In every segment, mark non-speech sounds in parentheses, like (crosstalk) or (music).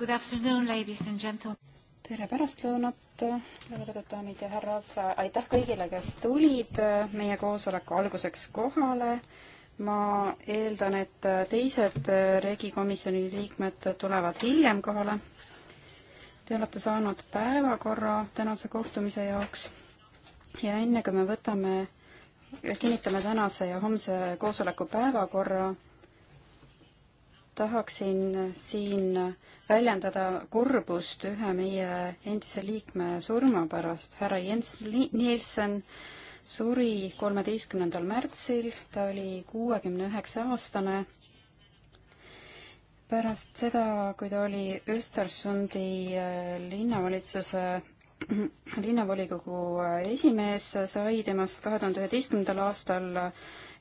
Good afternoon, ladies and gentlemen. tere pärastlõunat, lugupeetud daamid ja härrad, aitäh kõigile, kes tulid äh, meie koosoleku alguseks kohale. ma eeldan, et äh, teised äh, regikomisjoni liikmed tulevad hiljem kohale. Te olete saanud päevakorra tänase kohtumise jaoks ja enne kui me võtame, kinnitame tänase ja homse koosoleku päevakorra tahaksin siin väljendada kurbust ühe meie endise liikme surma pärast. härra Jens Nielsen suri kolmeteistkümnendal märtsil, ta oli kuuekümne üheksa aastane. pärast seda, kui ta oli Östersundi äh, linnavalitsuse (clears throat) linnavolikogu äh, esimees, sai temast kahe tuhande üheteistkümnendal aastal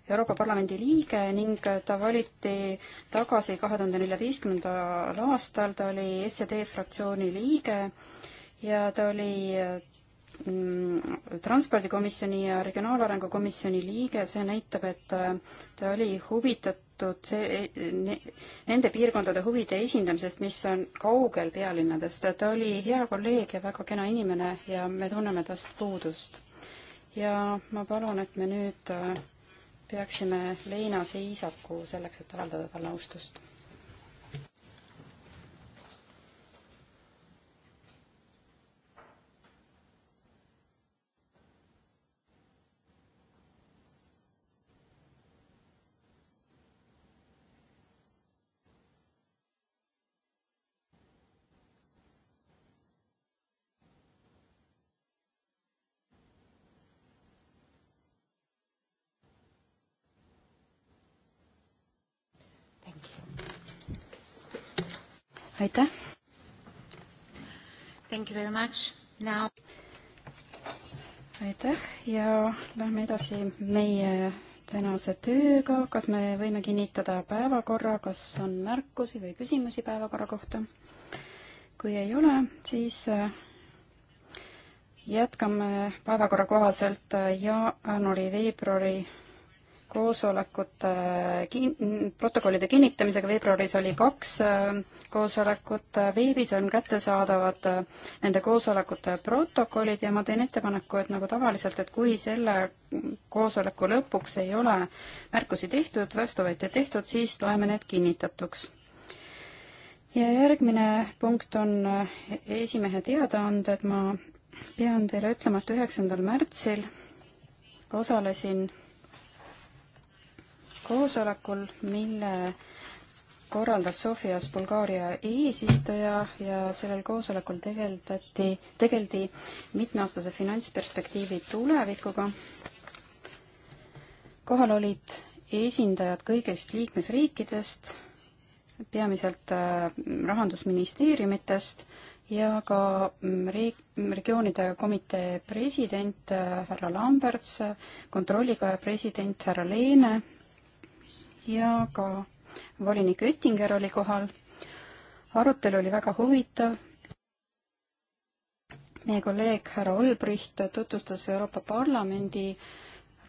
Euroopa Parlamendi liige ning ta valiti tagasi kahe tuhande neljateistkümnendal aastal, ta oli SED fraktsiooni liige ja ta oli mm, transpordikomisjoni ja regionaalarengu komisjoni liige, see näitab, et ta oli huvitatud see, ne, nende piirkondade huvide esindamisest, mis on kaugel pealinnadest. ta oli hea kolleeg ja väga kena inimene ja me tunneme tast puudust. ja ma palun, et me nüüd äh, peaksime Leina Seisaku selleks, et avaldada talle austust. aitäh! Thank you very much, now aitäh ja lähme edasi meie tänase tööga, kas me võime kinnitada päevakorra, kas on märkusi või küsimusi päevakorra kohta? kui ei ole, siis äh, jätkame päevakorra kohaselt äh, jaanuari-veebruari koosolekute kin-, protokollide kinnitamisega, veebruaris oli kaks äh, koosolekut, äh, veebis on kättesaadavad äh, nende koosolekute protokollid ja ma teen ettepaneku, et nagu tavaliselt, et kui selle koosoleku lõpuks ei ole märkusi tehtud, vastuvõtjaid tehtud, siis loeme need kinnitatuks. ja järgmine punkt on esimehe teadaanded, ma pean teile ütlema, et üheksandal märtsil osalesin koosolekul, mille korraldas Sofias Bulgaaria eesistuja ja sellel koosolekul tegeldati, tegeldi mitmeaastase finantsperspektiivi tulevikuga. kohal olid esindajad kõigist liikmesriikidest, peamiselt äh, rahandusministeeriumitest ja ka mm, riik, regioonide komitee president äh, härra Lamberts, kontrollikoja president härra Leene ja ka volinik Oettinger oli kohal. arutelu oli väga huvitav. meie kolleeg härra Olbricht tutvustas Euroopa Parlamendi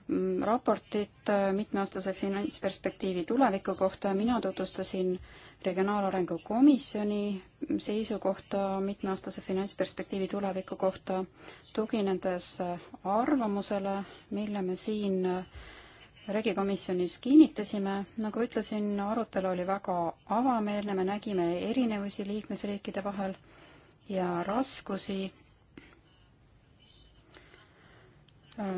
mm, raportit äh, mitmeaastase finantsperspektiivi tuleviku kohta. mina tutvustasin Regionaalarengu Komisjoni seisukohta mitmeaastase finantsperspektiivi tuleviku kohta, tuginedes äh, arvamusele, mille me siin äh, regikomisjonis kinnitasime, nagu ütlesin, arutelu oli väga avameelne, me nägime erinevusi liikmesriikide vahel ja raskusi äh,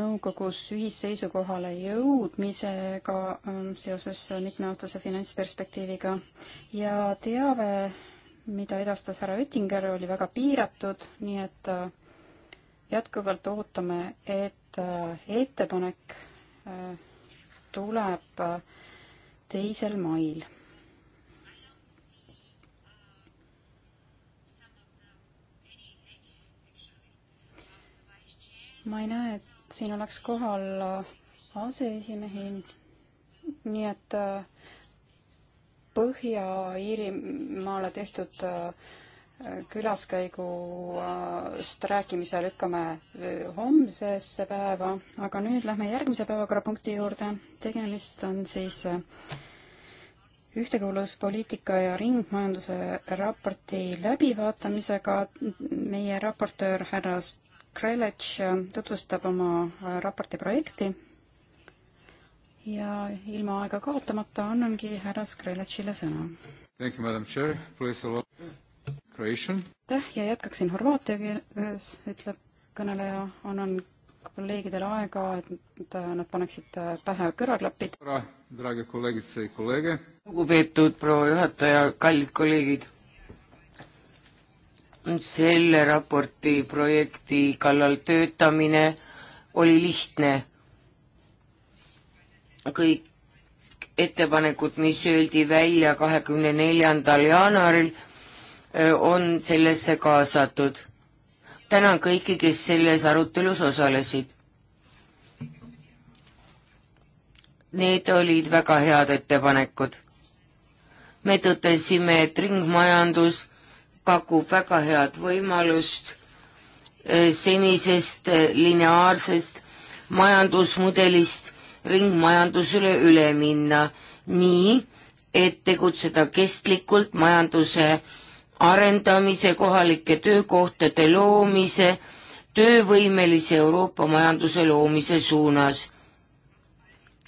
nõukogus ühisseisukohale jõudmisega äh, seoses mitmeaastase finantsperspektiiviga ja teave, mida edastas härra Oettinger, oli väga piiratud, nii et äh, jätkuvalt ootame, et ettepanek tuleb teisel mail. ma ei näe, et siin oleks kohal aseesimehi, nii et äh, Põhja-Iirimaale tehtud äh, külaskäigust rääkimise lükkame homsesse päeva, aga nüüd lähme järgmise päevakorrapunkti juurde. tegemist on siis äh, ühtekuuluvuspoliitika ja ringmajanduse raporti läbivaatamisega. meie raportöör härra Skrelec tutvustab oma äh, raporti projekti. ja ilma aega kaotamata annangi härra Skrelecile sõna aitäh ja jätkaksin horvaatia keeles, ütleb kõneleja, annan kolleegidele aega, et nad paneksid pähe kõrvaklapid. lugupeetud proua juhataja, kallid kolleegid. selle raporti projekti kallal töötamine oli lihtne. kõik ettepanekud, mis öeldi välja kahekümne neljandal jaanuaril on sellesse kaasatud. tänan kõiki, kes selles arutelus osalesid. Need olid väga head ettepanekud. me tõdesime, et ringmajandus pakub väga head võimalust eh, senisest eh, lineaarsest majandusmudelist ringmajandusele üle minna, nii et tegutseda kestlikult majanduse arendamise, kohalike töökohtade loomise, töövõimelise Euroopa majanduse loomise suunas.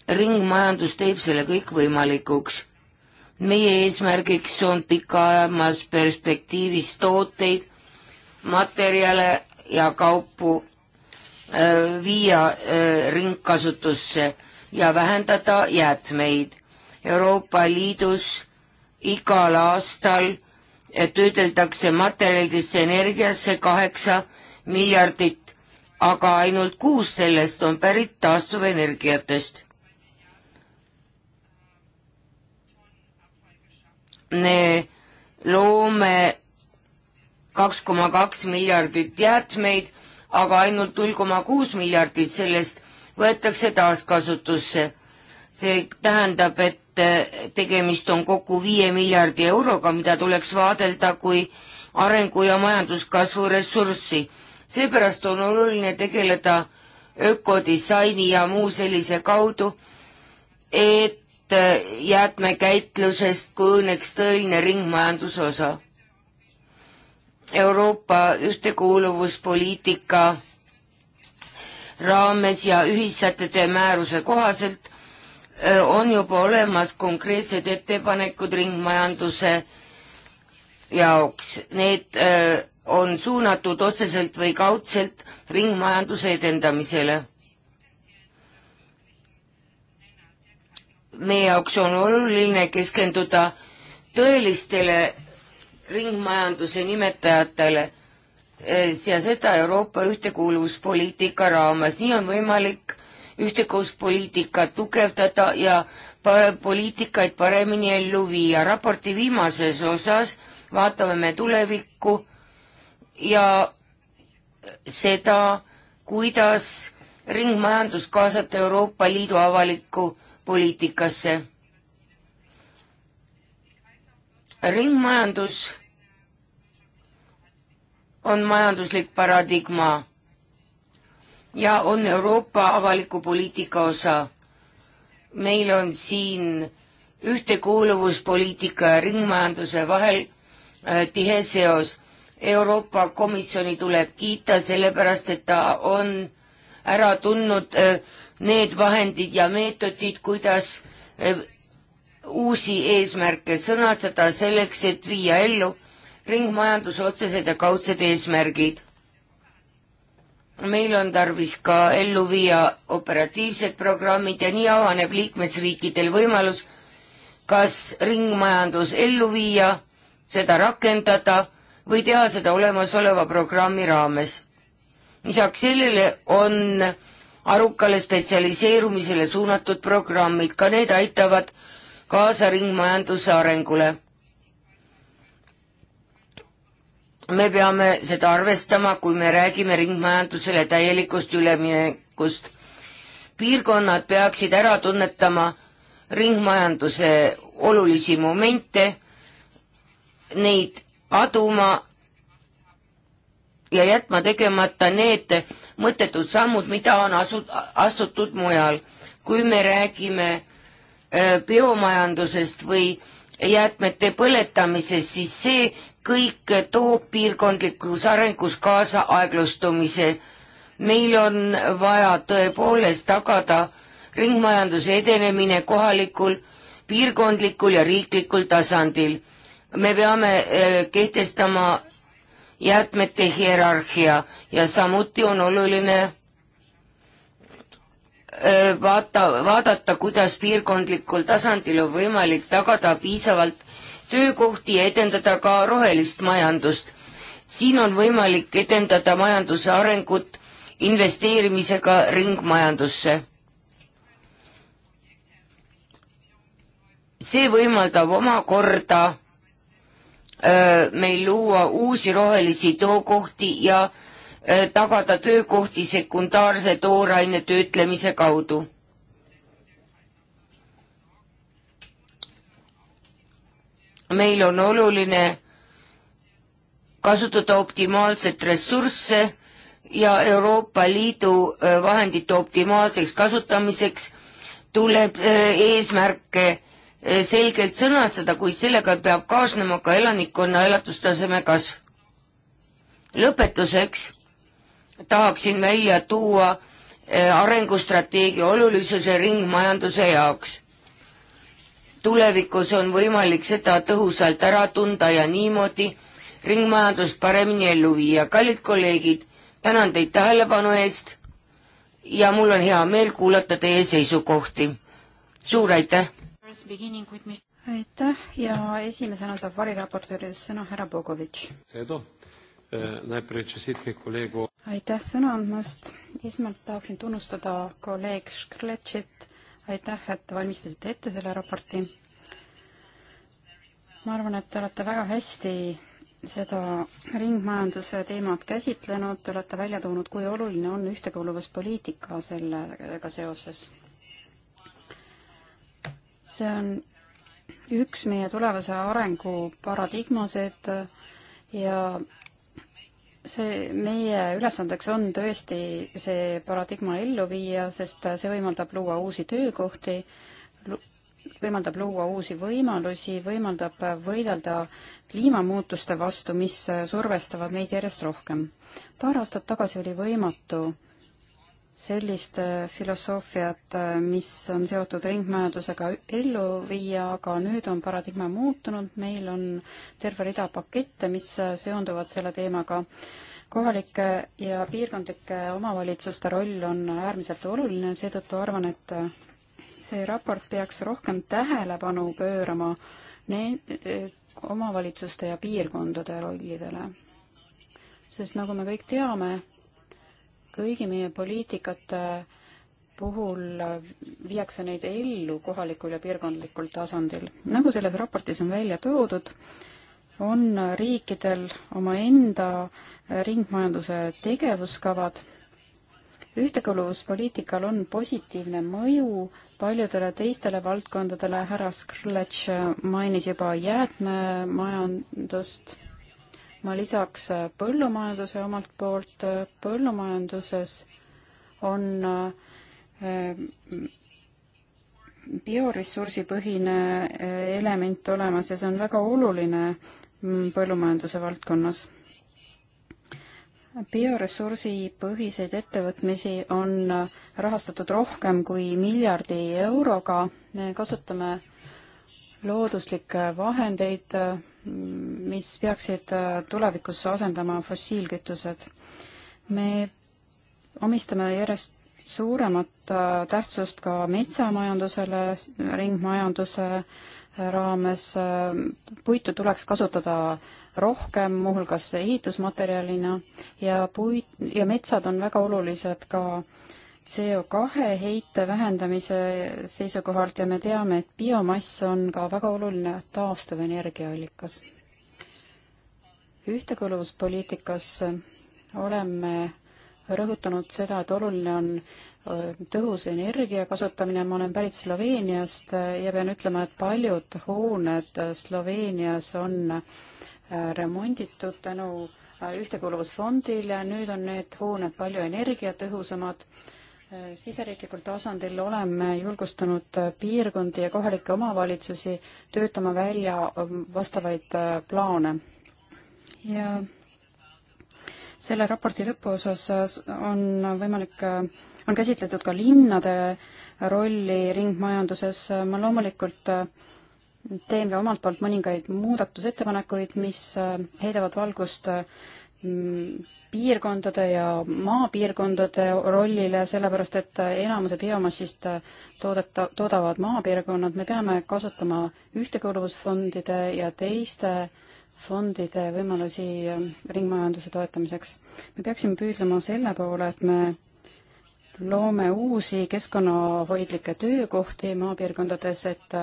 ringmajandus teeb selle kõik võimalikuks. meie eesmärgiks on pikaajamas perspektiivis tooteid, materjale ja kaupu öö, äh, viia öö, äh, ringkasutusse ja vähendada jäätmeid. Euroopa Liidus igal aastal töödeldakse materjalidesse energiasse kaheksa miljardit, aga ainult kuus sellest on pärit taastuvenergiatest. me loome kaks koma kaks miljardit jäätmeid, aga ainult null koma kuus miljardit sellest võetakse taaskasutusse see tähendab, et eh, tegemist on kokku viie miljardi euroga, mida tuleks vaadelda kui arengu ja majanduskasvu ressurssi. seepärast on oluline tegeleda ökodisaini ja muu sellise kaudu, et eh, jäätmekäitlusest kujuneks tõeline ringmajanduse osa. Euroopa ühtekuuluvuspoliitika raames ja ühissätete määruse kohaselt on juba olemas konkreetsed ettepanekud ringmajanduse jaoks. Need on suunatud otseselt või kaudselt ringmajanduse edendamisele. meie jaoks on oluline keskenduda tõelistele ringmajanduse nimetajatele ja seda Euroopa ühtekuuluvuspoliitika raames. nii on võimalik ühtekuuspoliitikat tugevdada ja poliitikaid paremini ellu viia. raporti viimases osas vaatame me tulevikku ja seda, kuidas ringmajandus kaasata Euroopa Liidu avalikku poliitikasse. ringmajandus on majanduslik paradigma ja on Euroopa avaliku poliitika osa. meil on siin ühtekuuluvuspoliitika ja ringmajanduse vahel äh, tihe seos. Euroopa Komisjoni tuleb kiita, sellepärast et ta on ära tundnud äh, need vahendid ja meetodid, kuidas äh, uusi eesmärke sõnastada selleks, et viia ellu ringmajanduse otsesed ja kaudsed eesmärgid meil on tarvis ka ellu viia operatiivsed programmid ja nii avaneb liikmesriikidel võimalus kas ringmajandus ellu viia, seda rakendada või teha seda olemasoleva programmi raames. lisaks sellele on arukale spetsialiseerumisele suunatud programmid, ka need aitavad kaasa ringmajanduse arengule. me peame seda arvestama, kui me räägime ringmajandusele täielikust üleminekust. piirkonnad peaksid ära tunnetama ringmajanduse olulisi momente, neid aduma ja jätma tegemata need mõttetud sammud, mida on asut-, astutud mujal. kui me räägime öö, biomajandusest või jäätmete põletamisest, siis see kõik toob piirkondlikus arengus kaasa aeglustumise. meil on vaja tõepoolest tagada ringmajanduse edenemine kohalikul, piirkondlikul ja riiklikul tasandil. me peame eh, kehtestama jäätmete hierarhia ja samuti on oluline eh, vaata, vaadata, kuidas piirkondlikul tasandil on võimalik tagada piisavalt töökohti ja edendada ka rohelist majandust. siin on võimalik edendada majanduse arengut investeerimisega ringmajandusse. see võimaldab omakorda öö, meil luua uusi rohelisi töökohti ja öö, tagada töökohti sekundaarse tooraine töötlemise kaudu meil on oluline kasutada optimaalset ressursse ja Euroopa Liidu äh, vahendite optimaalseks kasutamiseks tuleb äh, eesmärke äh, selgelt sõnastada, kuid sellega peab kaasnema ka elanikkonna elatustaseme kasv. lõpetuseks tahaksin välja tuua arengustrateegia olulisuse ringmajanduse jaoks tulevikus on võimalik seda tõhusalt ära tunda ja niimoodi ringmajandust paremini ellu viia. kallid kolleegid, tänan teid tähelepanu eest ja mul on hea meel kuulata teie seisukohti. suur aitäh! aitäh ja esimesena saab variraportööris sõna härra Bogovitš. aitäh sõna andmast, esmalt tahaksin tunnustada kolleeg Škrletšit aitäh, et valmistasite ette selle raporti. ma arvan, et te olete väga hästi seda ringmajanduse teemat käsitlenud, te olete välja toonud, kui oluline on ühtekuuluvuspoliitika sellega seoses. see on üks meie tulevase arengu paradigmasid ja see meie ülesandeks on tõesti see paradigma ellu viia, sest see võimaldab luua uusi töökohti, võimaldab luua uusi võimalusi, võimaldab võidelda kliimamuutuste vastu, mis survestavad meid järjest rohkem. paar aastat tagasi oli võimatu sellist äh, filosoofiat, äh, mis on seotud ringmajandusega, ellu viia, aga nüüd on paradigma muutunud, meil on terve rida pakette, mis äh, seonduvad selle teemaga. kohalike ja piirkondlike omavalitsuste roll on äärmiselt oluline, seetõttu arvan, et see raport peaks rohkem tähelepanu pöörama ne-, omavalitsuste ja piirkondade rollidele. sest nagu me kõik teame, kõigi meie poliitikate puhul viiakse neid ellu kohalikul ja piirkondlikul tasandil. nagu selles raportis on välja toodud, on riikidel omaenda ringmajanduse tegevuskavad. ühtekuuluvuspoliitikal on positiivne mõju paljudele teistele valdkondadele, härra Skrletš mainis juba jäätmemajandust ma lisaks äh, põllumajanduse omalt poolt, äh, põllumajanduses on äh, mm, bioressursipõhine element olemas ja see on väga oluline mm, põllumajanduse valdkonnas. bioressursipõhiseid ettevõtmisi on rahastatud rohkem kui miljardi euroga, me kasutame looduslikke vahendeid mis peaksid äh, tulevikus asendama fossiilkütused. me omistame järjest suuremat äh, tähtsust ka metsamajandusele, ringmajanduse äh, raames. puitu tuleks kasutada rohkem, muuhulgas ehitusmaterjalina ja puit ja metsad on väga olulised ka äh, CO2 heite vähendamise seisukohalt ja me teame, et biomass on ka väga oluline taastuvenergiaallikas. ühtekuuluvuspoliitikas oleme rõhutanud seda, et oluline on tõhus energia kasutamine, ma olen pärit Sloveeniast ja pean ütlema, et paljud hooned Sloveenias on remonditud tänu ühtekuuluvusfondile, nüüd on need hooned palju energiatõhusamad Äh, siseriiklikul tasandil oleme julgustanud äh, piirkondi ja kohalikke omavalitsusi töötama välja ähm, vastavaid äh, plaane. ja selle raporti lõpuosas on võimalik, on käsitletud ka linnade rolli ringmajanduses. ma loomulikult teen ka omalt poolt mõningaid muudatusettepanekuid, mis heidavad valgust piirkondade ja maapiirkondade rollile, sellepärast et enamuse biomassist toodeta, toodavad maapiirkonnad, me peame kasutama ühtekuuluvusfondide ja teiste fondide võimalusi ringmajanduse toetamiseks. me peaksime püüdlema selle poole, et me loome uusi keskkonnahoidlikke töökohti maapiirkondades, et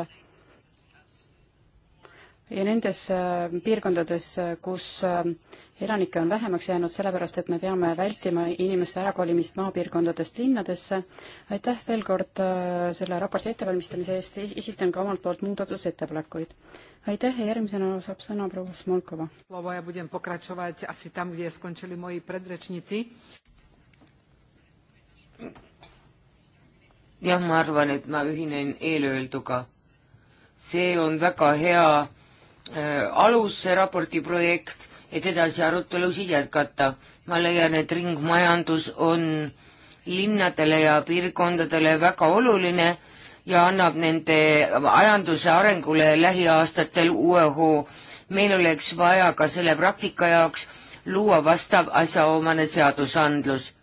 ja nendes piirkondades, kus elanikke on vähemaks jäänud, sellepärast et me peame vältima inimeste ärakolimist maapiirkondadest linnadesse. aitäh veel kord äh, selle raporti ettevalmistamise eest, esitan ka omalt poolt muudatusettepanekuid. aitäh ja järgmisena saab sõna proua Smolkova. jah, ma arvan, et ma ühinen eelöelduga. see on väga hea äh, alus, see raporti projekt et edasi arutelusid jätkata. ma leian, et ringmajandus on linnadele ja piirkondadele väga oluline ja annab nende ajanduse arengule lähiaastatel uue hoo. meil oleks vaja ka selle praktika jaoks luua vastav asjaomane seadusandlus.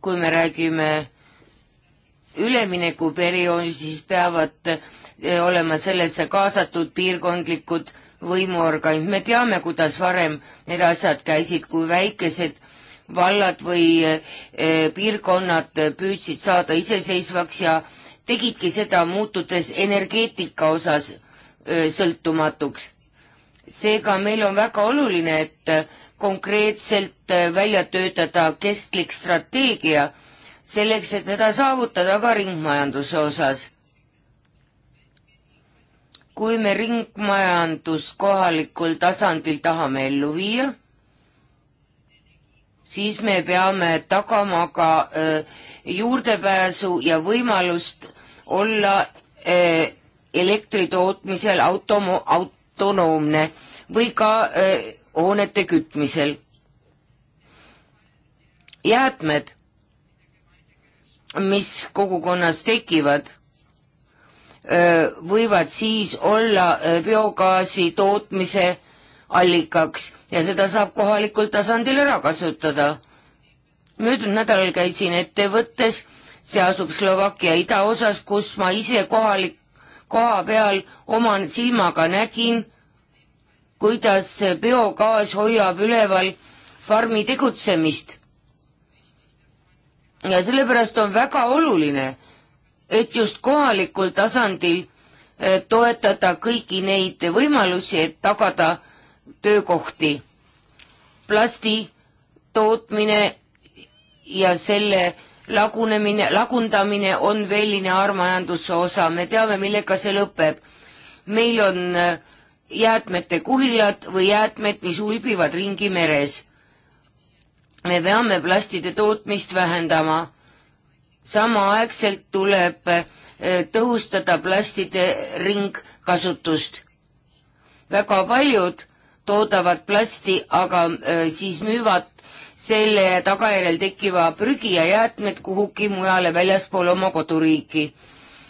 kui me räägime üleminekuperioodi, siis peavad Eh, olema sellesse kaasatud piirkondlikud võimuorganid. me teame, kuidas varem need asjad käisid, kui väikesed vallad või eh, piirkonnad püüdsid saada iseseisvaks ja tegidki seda, muutudes energeetika osas eh, sõltumatuks. seega meil on väga oluline, et konkreetselt välja töötada kestlik strateegia selleks, et teda saavutada ka ringmajanduse osas kui me ringmajandus kohalikul tasandil tahame ellu viia, siis me peame tagama ka öö, äh, juurdepääsu ja võimalust olla öö, äh, elektri tootmisel automo-, autonoomne või ka öö, äh, hoonete kütmisel. jäätmed, mis kogukonnas tekivad võivad siis olla biogaasi tootmise allikaks ja seda saab kohalikul tasandil ära kasutada. möödunud nädalal käisin ettevõttes, see asub Slovakkia idaosas, kus ma ise kohalik, koha peal oma silmaga nägin, kuidas biogaas hoiab üleval farmi tegutsemist. ja sellepärast on väga oluline et just kohalikul tasandil eh, toetada kõiki neid võimalusi, et tagada töökohti. plasti tootmine ja selle lagunemine, lagundamine on veel lineaarmajanduse osa, me teame, millega see lõpeb. meil on eh, jäätmete kuhilad või jäätmed, mis ulbivad ringi meres. me peame plastide tootmist vähendama samaaegselt tuleb eh, tõhustada plastide ringkasutust. väga paljud toodavad plasti, aga eh, siis müüvad selle tagajärjel tekkiva prügi ja jäätmed kuhugi mujale väljaspool oma koduriiki.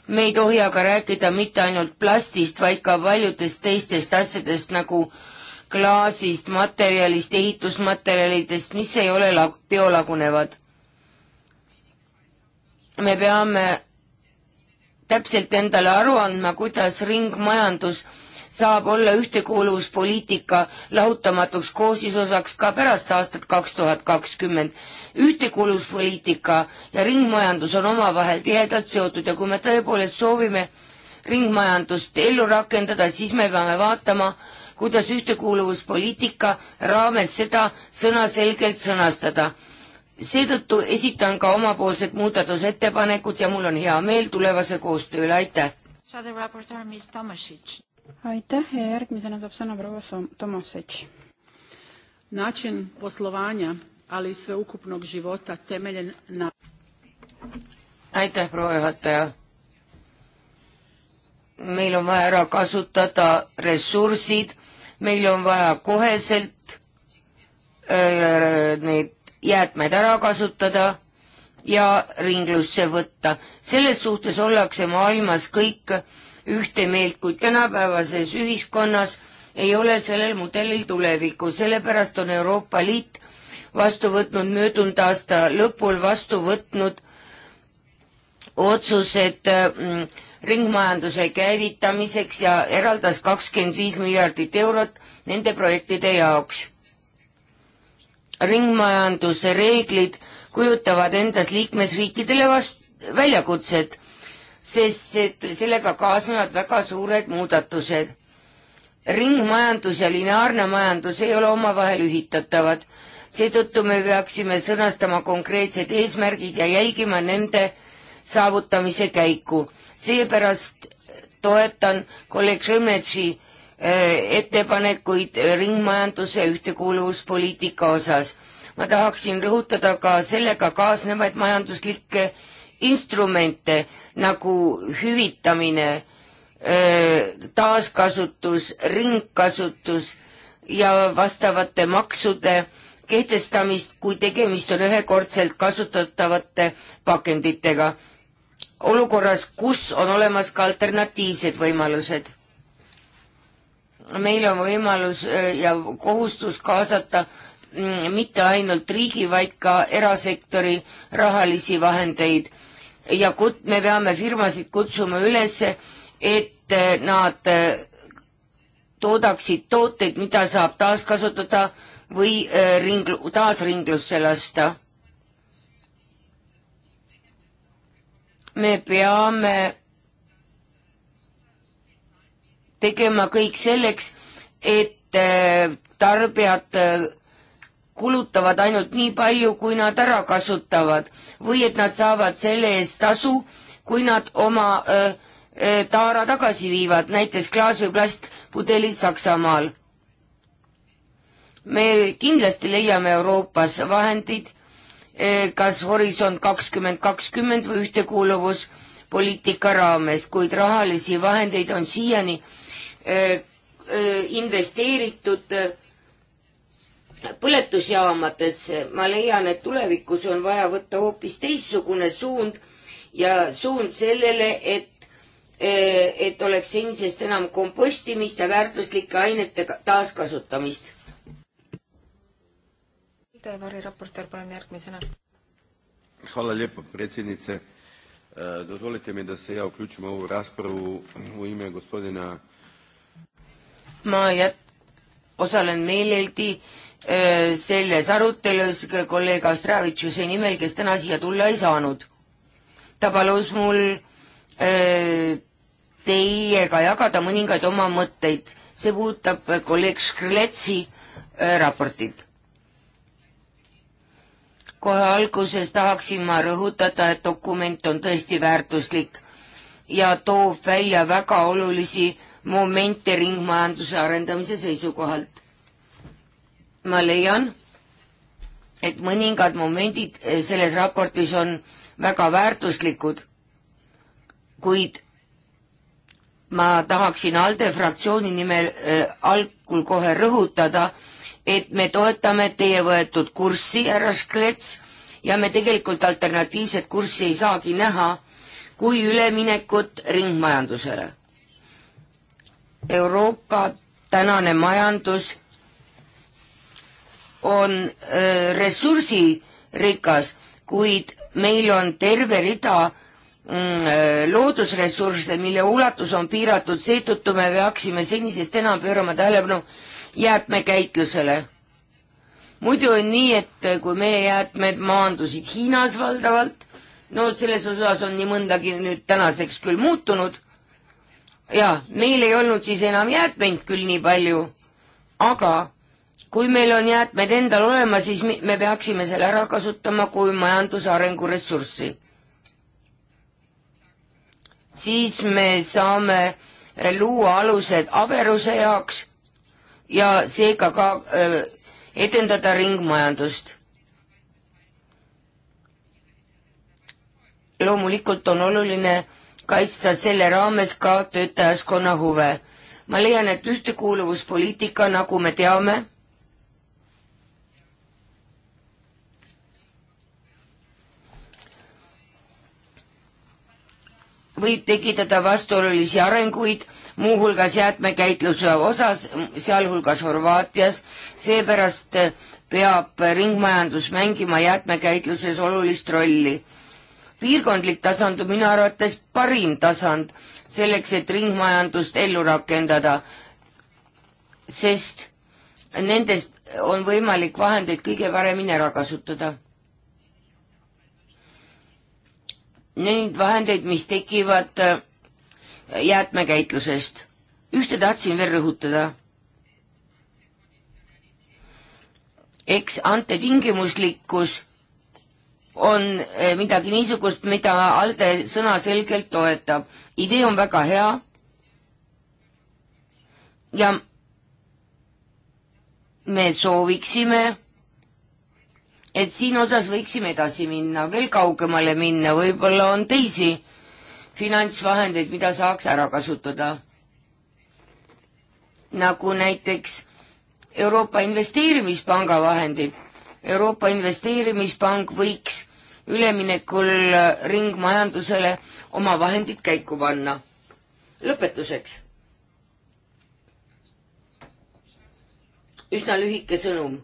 me ei tohi aga rääkida mitte ainult plastist, vaid ka paljudest teistest asjadest nagu klaasist, materjalist, ehitusmaterjalidest, mis ei ole biolagunevad me peame täpselt endale aru andma, kuidas ringmajandus saab olla ühtekuuluvuspoliitika lahutamatuks koosisosaks ka pärast aastat kaks tuhat kakskümmend. ühtekuuluvuspoliitika ja ringmajandus on omavahel tihedalt seotud ja kui me tõepoolest soovime ringmajandust ellu rakendada, siis me peame vaatama, kuidas ühtekuuluvuspoliitika raames seda sõnaselgelt sõnastada seetõttu esitan ka omapoolsed muudatusettepanekud ja mul on hea meel tulevase koostöö üle, aitäh! aitäh ja järgmisena saab sõna proua Tomasic. Način poslovanja ali i sveukupnog života temeljen na... aitäh, proua juhataja! meil on vaja ära kasutada ressursid, meil on vaja koheselt öö, äh, äh, neid jäätmed ära kasutada ja ringlusse võtta. selles suhtes ollakse maailmas kõik ühte meelt, kuid tänapäevases ühiskonnas ei ole sellel mudelil tulevikku, sellepärast on Euroopa Liit vastu võtnud möödunud aasta lõpul vastu võtnud otsused mm, ringmajanduse käivitamiseks ja eraldas kakskümmend viis miljardit eurot nende projektide jaoks ringmajanduse reeglid kujutavad endas liikmesriikidele vast-, väljakutsed, sest sellega kaasnevad väga suured muudatused. ringmajandus ja lineaarne majandus ei ole omavahel ühitatavad, seetõttu me peaksime sõnastama konkreetsed eesmärgid ja jälgima nende saavutamise käiku. seepärast toetan kolleeg Šemetši Eh, ettepanekuid ringmajanduse ühtekuuluvuspoliitika osas. ma tahaksin rõhutada ka sellega kaasnevaid majanduslikke instrumente nagu hüvitamine, eh, taaskasutus, ringkasutus ja vastavate maksude kehtestamist, kui tegemist on ühekordselt kasutatavate pakenditega. olukorras, kus on olemas ka alternatiivsed võimalused meil on võimalus äh, ja kohustus kaasata mm, mitte ainult riigi, vaid ka erasektori rahalisi vahendeid ja kut-, me peame firmasid kutsuma üles, et äh, nad äh, toodaksid tooteid, mida saab taaskasutada või ring-, taasringlusse lasta. me peame tegema kõik selleks, et äh, tarbijad äh, kulutavad ainult nii palju, kui nad ära kasutavad või et nad saavad selle eest tasu, kui nad oma öö, äh, taara tagasi viivad, näiteks klaas või plastpudelid Saksamaal. me kindlasti leiame Euroopas vahendid, kas Horisont kakskümmend kakskümmend või ühtekuuluvuspoliitika raames, kuid rahalisi vahendeid on siiani Eh, eh, investeeritud eh, põletusjaamadesse, ma leian, et tulevikus on vaja võtta hoopis teistsugune suund ja suund sellele, et et oleks senisest enam kompostimist ja väärtuslike ainete taaskasutamist. Tevari raportöör, palun järgmisena. Hvala lijepo predsjednice. Dozvolite mi da se ja uključim u ovu raspravu u ime gospodina ma jät-, osalen meeleldi öö, äh, selles arutelus kolleeg Astravitšuse nimel, kes täna siia tulla ei saanud. ta palus mul öö, äh, teiega jagada mõningaid oma mõtteid, see puudutab äh, kolleeg Škreletsi raportit kohe alguses tahaksin ma rõhutada, et dokument on tõesti väärtuslik ja toob välja väga olulisi momente ringmajanduse arendamise seisukohalt. ma leian, et mõningad momendid eh, selles raportis on väga väärtuslikud, kuid ma tahaksin ALDE fraktsiooni nimel äh, algul kohe rõhutada, et me toetame teie võetud kurssi, härra Škrets, ja me tegelikult alternatiivset kurssi ei saagi näha, kui üleminekut ringmajandusele Euroopa tänane majandus on ressursirikas, kuid meil on terve rida mm, loodusressursse, mille ulatus on piiratud, seetõttu me peaksime senisest enam pöörama tähelepanu jäätmekäitlusele. muidu on nii, et kui meie jäätmed maandusid Hiinas valdavalt, no selles osas on nii mõndagi nüüd tänaseks küll muutunud jaa, meil ei olnud siis enam jäätmeid küll nii palju, aga kui meil on jäätmed endal olemas, siis me peaksime selle ära kasutama kui majanduse arenguressurssi. siis me saame luua alused averuse jaoks ja seega ka öö, äh, edendada ringmajandust. loomulikult on oluline kaitsta selle raames ka töötajaskonna huve. ma leian, et ühtekuuluvuspoliitika, nagu me teame, võib tekitada vastuolulisi arenguid, muuhulgas jäätmekäitluse osas, sealhulgas Horvaatias, seepärast peab ringmajandus mängima jäätmekäitluses olulist rolli piirkondlik tasand on minu arvates parim tasand selleks, et ringmajandust ellu rakendada, sest nendes on võimalik vahendeid kõige paremini ära kasutada. Neid vahendeid, mis tekivad äh, jäätmekäitlusest. ühte tahtsin veel rõhutada. eks antetingimuslikkus on eh, midagi niisugust, mida ALDE sõnaselgelt toetab. idee on väga hea ja me sooviksime, et siin osas võiksime edasi minna, veel kaugemale minna, võib-olla on teisi finantsvahendeid, mida saaks ära kasutada. nagu näiteks Euroopa Investeerimispanga vahendid Euroopa Investeerimispank võiks üleminekul äh, ringmajandusele oma vahendid käiku panna. lõpetuseks. üsna lühike sõnum.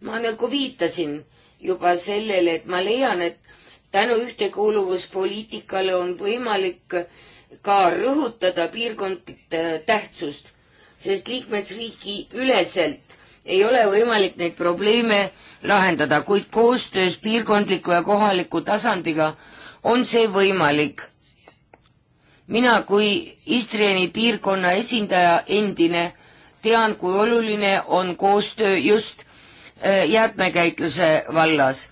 ma nagu viitasin juba sellele, et ma leian, et tänu ühtekuuluvuspoliitikale on võimalik ka rõhutada piirkondade tähtsust, sest liikmesriigi üleselt ei ole võimalik neid probleeme lahendada, kuid koostöös piirkondliku ja kohaliku tasandiga on see võimalik. mina kui Istrieni piirkonna esindaja endine tean, kui oluline on koostöö just äh, jäätmekäitluse vallas.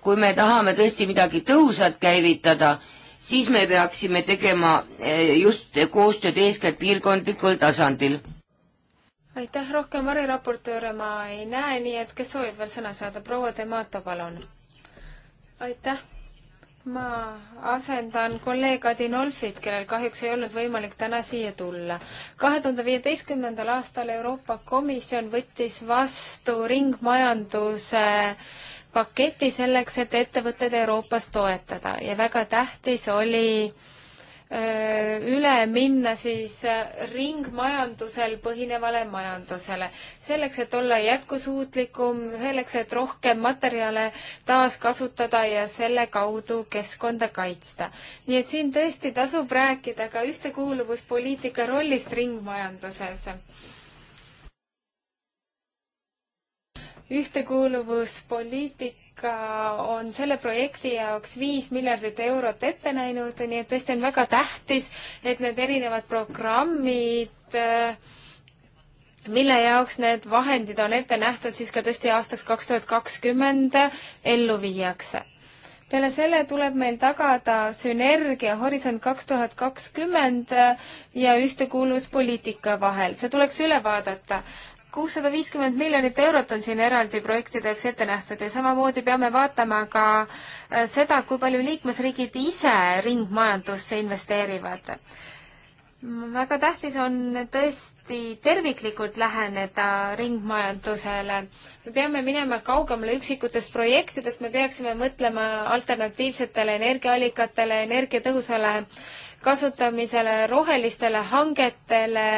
kui me tahame tõesti midagi tõhusat käivitada, siis me peaksime tegema äh, just koostööd eeskätt piirkondlikul tasandil aitäh, rohkem variraportööre ma ei näe, nii et kes soovib veel sõna saada, proua Demato, palun. aitäh ma asendan kolleeg Adinolfit, kellel kahjuks ei olnud võimalik täna siia tulla. kahe tuhande viieteistkümnendal aastal Euroopa Komisjon võttis vastu ringmajanduse paketi selleks, et ettevõtteid Euroopas toetada ja väga tähtis oli Äh, üle minna siis äh, ringmajandusel põhinevale majandusele. selleks, et olla jätkusuutlikum, selleks, et rohkem materjale taaskasutada ja selle kaudu keskkonda kaitsta. nii et siin tõesti tasub rääkida ka ühtekuuluvuspoliitika rollist ringmajanduses ühtekuuluvuspoliitika Kreeka on selle projekti jaoks viis miljardit eurot ette näinud, nii et tõesti on väga tähtis, et need erinevad programmid, mille jaoks need vahendid on ette nähtud, siis ka tõesti aastaks kaks tuhat kakskümmend ellu viiakse. peale selle tuleb meil tagada sünergia Horisont kaks tuhat kakskümmend ja ühtekuuluvuspoliitika vahel, see tuleks üle vaadata kuussada viiskümmend miljonit eurot on siin eraldi projektideks ette nähtud ja samamoodi peame vaatama ka äh, seda, kui palju liikmesriigid ise ringmajandusse investeerivad. väga tähtis on tõesti terviklikult läheneda ringmajandusele. me peame minema kaugemale üksikutest projektidest, me peaksime mõtlema alternatiivsetele energiaallikatele, energiatõhusale kasutamisele, rohelistele hangetele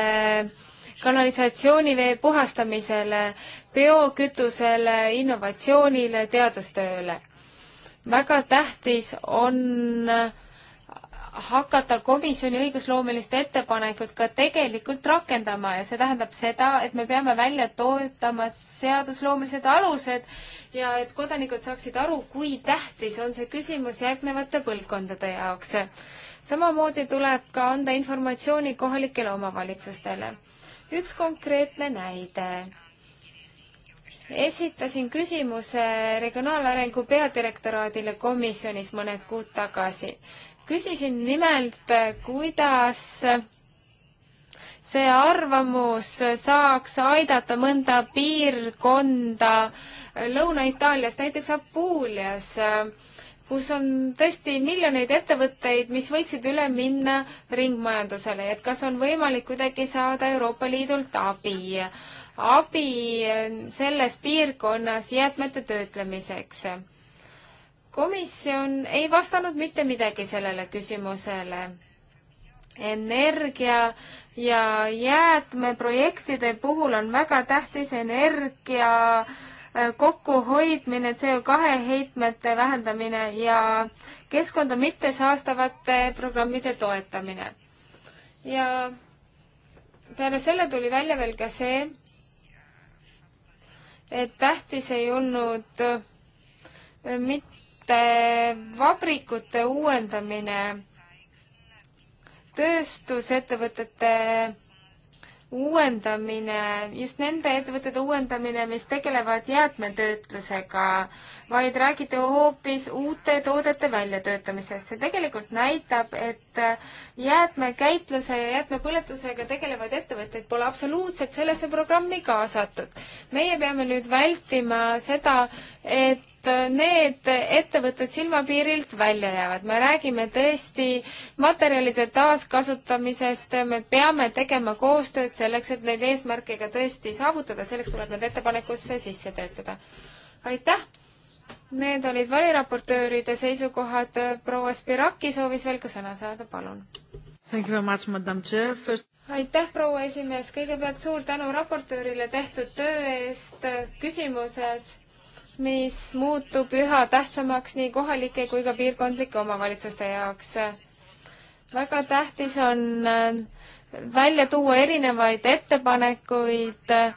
kanalisatsioonivee puhastamisele, biokütusele, innovatsioonile, teadustööle. väga tähtis on hakata komisjoni õigusloomelist ettepanekut ka tegelikult rakendama ja see tähendab seda, et me peame välja toetama seadusloomelised alused ja et kodanikud saaksid aru, kui tähtis on see küsimus järgnevate põlvkondade jaoks. samamoodi tuleb ka anda informatsiooni kohalikele omavalitsustele üks konkreetne näide. esitasin küsimuse Regionaalarengu peadirektoraadile komisjonis mõned kuud tagasi. küsisin nimelt, kuidas see arvamus saaks aidata mõnda piirkonda Lõuna-Itaalias, näiteks Apuulias äh, kus on tõesti miljoneid ettevõtteid, mis võiksid üle minna ringmajandusele, et kas on võimalik kuidagi saada Euroopa Liidult abi, abi selles piirkonnas jäätmete töötlemiseks. komisjon ei vastanud mitte midagi sellele küsimusele. energia ja jäätmeprojektide puhul on väga tähtis energia äh, Äh, kokkuhoidmine, CO2 heitmete vähendamine ja keskkonda mittesaastavate programmide toetamine. ja peale selle tuli välja veel ka see, et tähtis ei olnud äh, mitte vabrikute uuendamine, tööstusettevõtete uuendamine, just nende ettevõtete uuendamine, mis tegelevad jäätmetöötlusega, vaid räägite hoopis uute toodete väljatöötamisest. see tegelikult näitab, et jäätmekäitluse ja jäätmepõletusega tegelevaid ettevõtteid pole absoluutselt sellesse programmi kaasatud. meie peame nüüd vältima seda, et need ettevõtted silmapiirilt välja jäävad. me räägime tõesti materjalide taaskasutamisest, me peame tegema koostööd selleks, et neid eesmärke ka tõesti saavutada, selleks tuleb need ettepanekusse sisse töötada. aitäh! Need olid variraportööride seisukohad, proua Spiraki soovis veel ka sõna saada, palun. First... aitäh, proua esimees, kõigepealt suur tänu raportöörile tehtud töö eest küsimuses mis muutub üha tähtsamaks nii kohalike kui ka piirkondlike omavalitsuste jaoks. väga tähtis on äh, välja tuua erinevaid ettepanekuid, äh,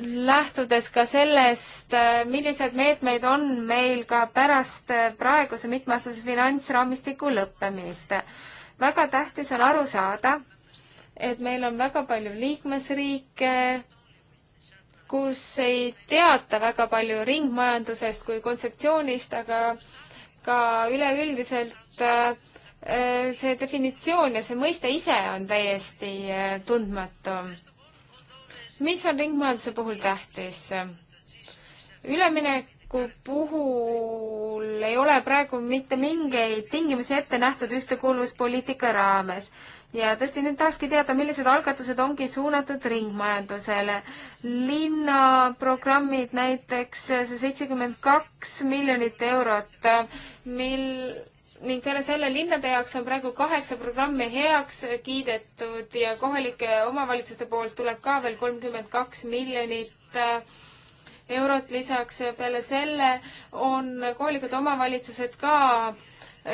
lähtudes ka sellest, äh, millised meetmeid on meil ka pärast praeguse mitmeaastase finantsraamistiku lõppemist. väga tähtis on aru saada, et meil on väga palju liikmesriike, kus ei teata väga palju ringmajandusest kui kontseptsioonist, aga ka üleüldiselt äh, see definitsioon ja see mõiste ise on täiesti äh, tundmatu. mis on ringmajanduse puhul tähtis? üleminek lepingu puhul ei ole praegu mitte mingeid tingimusi ette nähtud ühtekuuluvuspoliitika raames. ja tõesti nüüd tahakski teada, millised algatused ongi suunatud ringmajandusele. linnaprogrammid näiteks, see seitsekümmend kaks miljonit eurot, mil ning peale selle linnade jaoks on praegu kaheksa programmi heaks kiidetud ja kohalike omavalitsuste poolt tuleb ka veel kolmkümmend kaks miljonit äh, eurot, lisaks peale selle on kohalikud omavalitsused ka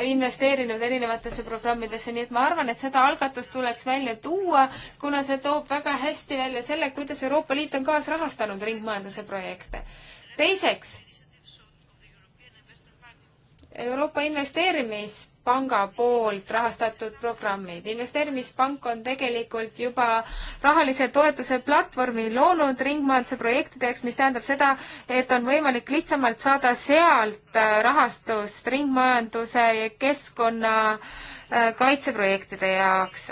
investeerinud erinevatesse programmidesse, nii et ma arvan, et seda algatust tuleks välja tuua, kuna see toob väga hästi välja selle, kuidas Euroopa Liit on kaasrahastanud ringmajanduse projekte. teiseks, Euroopa investeerimis panga poolt rahastatud programmid. investeerimispank on tegelikult juba rahalise toetuse platvormi loonud ringmajanduse projektideks, mis tähendab seda, et on võimalik lihtsamalt saada sealt äh, rahastust ringmajanduse ja keskkonna äh, kaitseprojektide jaoks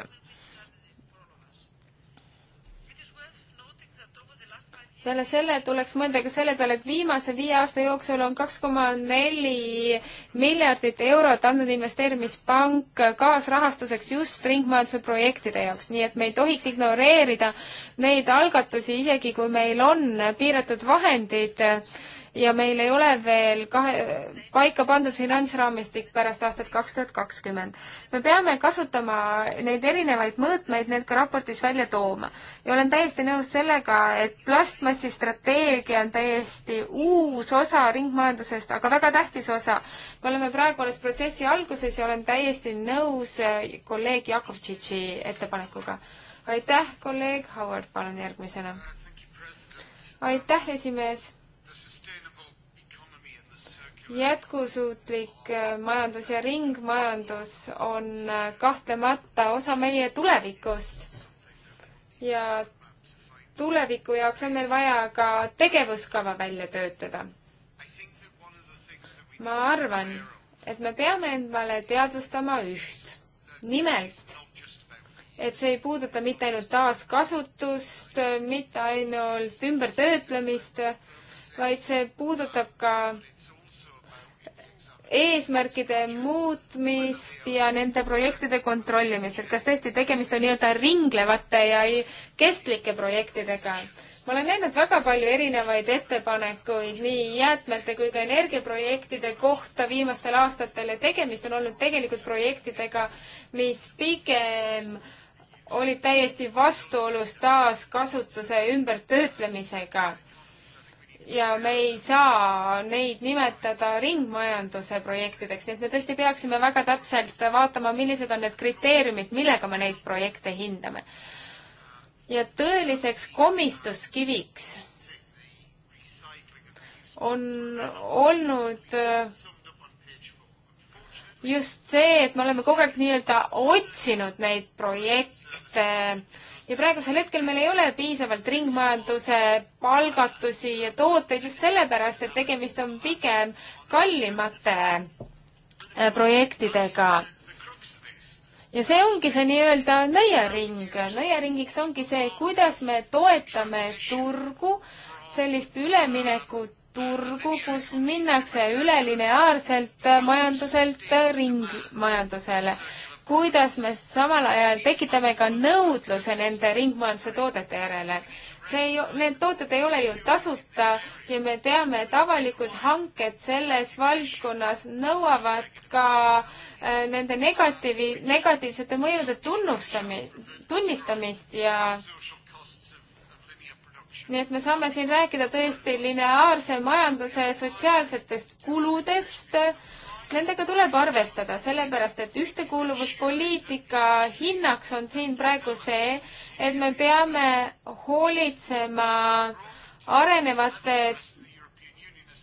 peale selle tuleks mõelda ka selle peale, et viimase viie aasta jooksul on kaks koma neli miljardit eurot andnud investeerimispank kaasrahastuseks just ringmajanduse projektide jaoks, nii et me ei tohiks ignoreerida neid algatusi, isegi kui meil on piiratud vahendid äh, ja meil ei ole veel kahe, paika pandud finantsraamistik pärast aastat kaks tuhat kakskümmend. me peame kasutama neid erinevaid mõõtmeid, need ka raportis välja tooma. ja olen täiesti nõus sellega, et plastmassi strateegia on täiesti uus osa ringmajandusest, aga väga tähtis osa. me oleme praegu alles protsessi alguses ja olen täiesti nõus eh, kolleeg Jakovtšitši ettepanekuga aitäh, kolleeg Howard, palun järgmisena. aitäh, esimees jätkusuutlik äh, majandus ja ringmajandus on äh, kahtlemata osa meie tulevikust. ja tuleviku jaoks on meil vaja ka tegevuskava välja töötada. ma arvan, et me peame endale teadvustama üht. nimelt, et see ei puuduta mitte ainult taaskasutust, mitte ainult ümbertöötlemist, vaid see puudutab ka eesmärkide muutmist ja nende projektide kontrollimist, et kas tõesti tegemist on nii-öelda ringlevate ja kestlike projektidega? ma olen näinud väga palju erinevaid ettepanekuid nii jäätmete kui ka energiaprojektide kohta viimastel aastatel ja tegemist on olnud tegelikult projektidega, mis pigem olid täiesti vastuolus taaskasutuse ümbertöötlemisega ja me ei saa neid nimetada ringmajanduse projektideks, nii et me tõesti peaksime väga täpselt vaatama, millised on need kriteeriumid, millega me neid projekte hindame. ja tõeliseks komistuskiviks on olnud äh, just see, et me oleme kogu aeg nii-öelda otsinud neid projekte äh, ja praegusel hetkel meil ei ole piisavalt ringmajanduse algatusi ja tooteid just sellepärast, et tegemist on pigem kallimate äh, projektidega. ja see ongi see nii-öelda nõiaring. nõiaringiks ongi see, kuidas me toetame turgu, sellist üleminekut turgu, kus minnakse üle lineaarselt äh, majanduselt äh, ringmajandusele kuidas me samal ajal tekitame ka nõudluse nende ringmajanduse toodete järele. see ei, need tooted ei ole ju tasuta ja me teame, et avalikud hanked selles valdkonnas nõuavad ka äh, nende negatiivi, negatiivsete mõjude tunnustami-, tunnistamist ja nii et me saame siin rääkida tõesti lineaarse majanduse sotsiaalsetest kuludest äh,, Nendega tuleb arvestada, sellepärast et ühtekuuluvuspoliitika hinnaks on siin praegu see, et me peame hoolitsema arenevate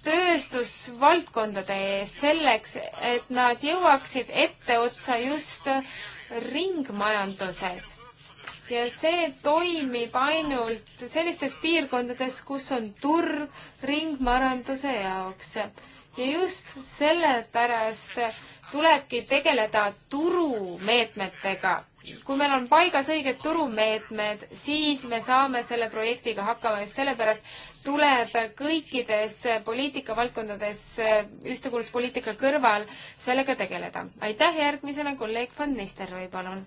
tööstusvaldkondade eest selleks, et nad jõuaksid etteotsa just ringmajanduses. ja see toimib ainult sellistes piirkondades, kus on turg ringmajanduse jaoks ja just sellepärast tulebki tegeleda turumeetmetega. kui meil on paigas õiged turumeetmed, siis me saame selle projektiga hakkama, just sellepärast tuleb kõikides poliitikavaldkondades ühtekuuluvuspoliitika kõrval sellega tegeleda. aitäh, järgmisena kolleeg Van Nistelrooy, palun.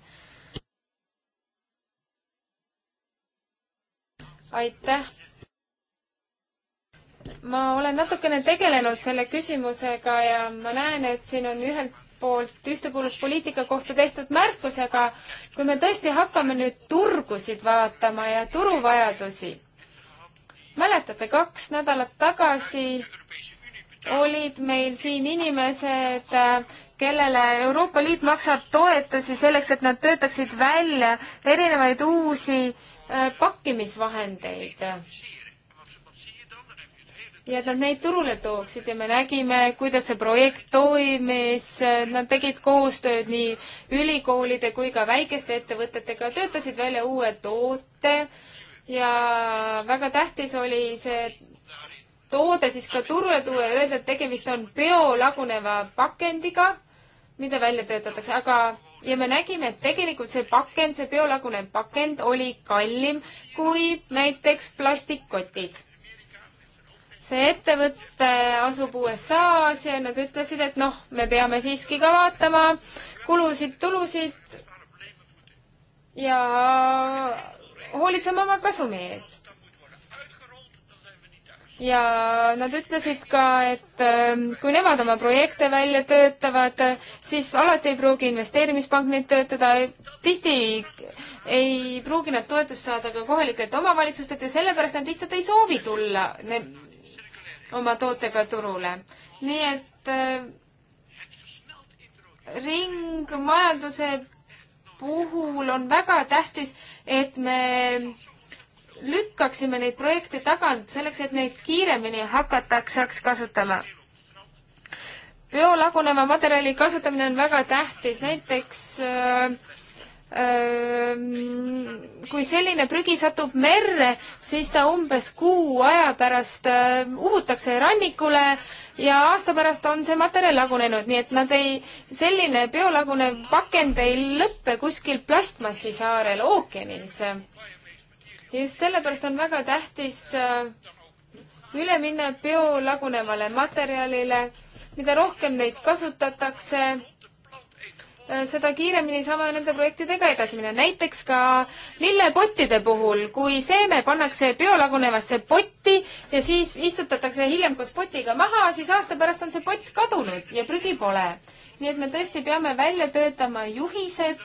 aitäh ma olen natukene tegelenud selle küsimusega ja ma näen, et siin on ühelt poolt ühtekuuluvuspoliitika kohta tehtud märkus, aga kui me tõesti hakkame nüüd turgusid vaatama ja turuvajadusi, mäletate, kaks nädalat tagasi olid meil siin inimesed, kellele Euroopa Liit maksab toetusi selleks, et nad töötaksid välja erinevaid uusi äh, pakkimisvahendeid ja et nad neid turule tooksid ja me nägime, kuidas see projekt toimis, nad tegid koostööd nii ülikoolide kui ka väikeste ettevõtetega, töötasid välja uue toote ja väga tähtis oli see toode siis ka turule tuua ja öelda, et tegemist on biolaguneva pakendiga, mida välja töötatakse, aga ja me nägime, et tegelikult see pakend, see biolagunev pakend oli kallim kui näiteks plastikkotid see ettevõte asub USA-s ja nad ütlesid, et noh, me peame siiski ka vaatama kulusid, tulusid ja hoolitsema oma kasumi eest. ja nad ütlesid ka, et ähm, kui nemad oma projekte välja töötavad, siis alati ei pruugi investeerimispank neid töötada, tihti ei pruugi nad toetust saada ka kohalikelt omavalitsustelt ja sellepärast nad lihtsalt ei soovi tulla ne oma tootega turule. nii et äh, ringmajanduse puhul on väga tähtis, et me lükkaksime neid projekte tagant selleks, et neid kiiremini hakataks, saaks kasutama. biolaguneva materjali kasutamine on väga tähtis, näiteks äh, kui selline prügi satub merre, siis ta umbes kuu aja pärast uhutakse rannikule ja aasta pärast on see materjal lagunenud, nii et nad ei, selline biolagunev pakend ei lõppe kuskil plastmassi saarel ookeanis. just sellepärast on väga tähtis üle minna biolagunevale materjalile, mida rohkem neid kasutatakse Äh, seda kiiremini saame nende projektidega edasi minna. näiteks ka lillepottide puhul, kui seeme pannakse biolagunevasse potti ja siis istutatakse hiljem koos potiga maha, siis aasta pärast on see pott kadunud ja prügi pole nii et me tõesti peame välja töötama juhised,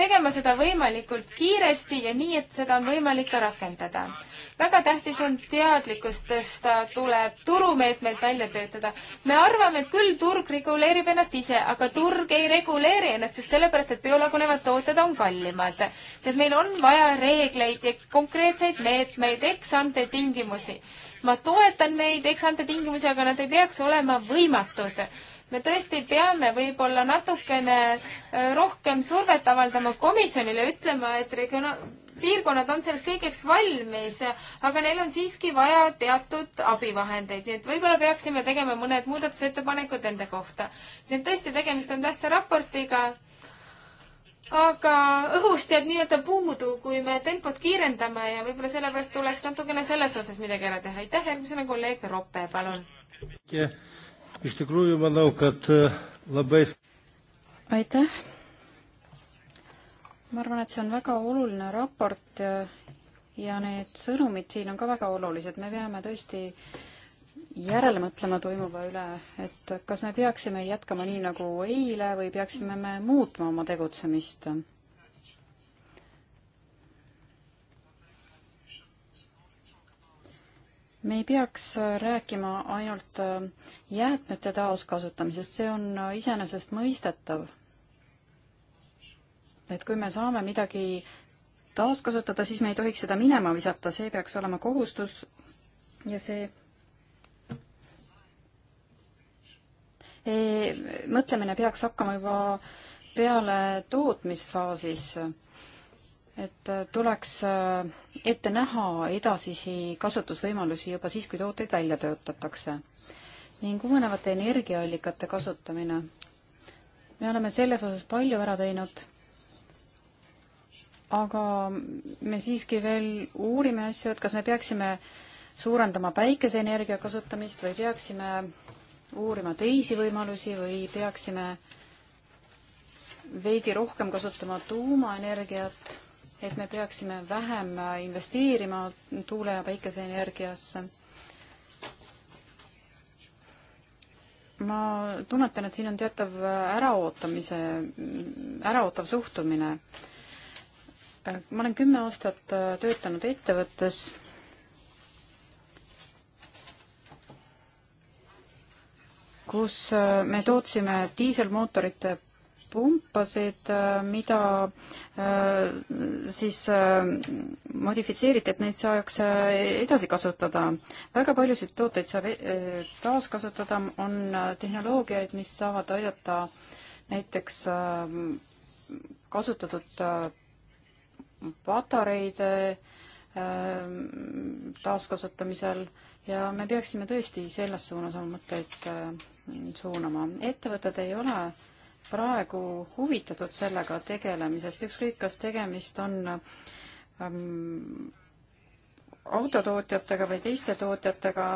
tegema seda võimalikult kiiresti ja nii, et seda on võimalik ka rakendada. väga tähtis on teadlikkust tõsta, tuleb turumeetmed välja töötada. me arvame, et küll turg reguleerib ennast ise, aga turg ei reguleeri ennast just sellepärast, et biolagunevad tooted on kallimad. et meil on vaja reegleid ja konkreetseid meetmeid, eksante tingimusi ma toetan neid eksante tingimusi, aga nad ei peaks olema võimatud me tõesti peame võib-olla natukene äh, rohkem survet avaldama komisjonile, ütlema, et regiona-, piirkonnad on selleks kõigeks valmis, aga neil on siiski vaja teatud abivahendeid, nii et võib-olla peaksime tegema mõned muudatusettepanekud nende kohta. nii et tõesti, tegemist on tähtsa raportiga, aga õhust jääb nii-öelda puudu, kui me tempot kiirendame ja võib-olla sellepärast tuleks natukene selles osas midagi ära teha. aitäh, järgmisena kolleeg Roppe, palun! Iš tikrųjų, manau, kad e, labai. aitäh. ma arvan, et see on väga oluline raport e, ja need sõnumid siin on ka väga olulised, me peame tõesti järele mõtlema toimuva üle, et kas me peaksime jätkama nii nagu eile või peaksime me muutma oma tegutsemist me ei peaks äh, rääkima ainult äh, jäätmete taaskasutamisest, see on äh, iseenesestmõistetav. et kui me saame midagi taaskasutada, siis me ei tohiks seda minema visata, see peaks olema kohustus ja see e, mõtlemine peaks hakkama juba peale tootmisfaasis et äh, tuleks äh, ette näha edasisi kasutusvõimalusi juba siis, kui tooteid välja töötatakse. ning uuenevate energiaallikate kasutamine. me oleme selles osas palju ära teinud, aga me siiski veel uurime asju, et kas me peaksime suurendama päikeseenergia kasutamist või peaksime uurima teisi võimalusi või peaksime veidi rohkem kasutama tuumaenergiat et me peaksime vähem investeerima tuule- ja päikeseenergiasse. ma tunnetan, et siin on teatav äraootamise, äraootav suhtumine. ma olen kümme aastat töötanud ettevõttes kus me tootsime diiselmootorite pumpasid, äh, mida äh, siis äh, modifitseeriti, et neid saaks edasi kasutada. väga paljusid tooteid saab taaskasutada, on tehnoloogiaid, mis saavad aidata näiteks kasutatud patareide taaskasutamisel ja me peaksime tõesti selles suunas oma mõtteid suunama. ettevõtted ei ole äh, praegu huvitatud sellega tegelemisest, ükskõik, kas tegemist on ähm, autotootjatega või teiste tootjatega,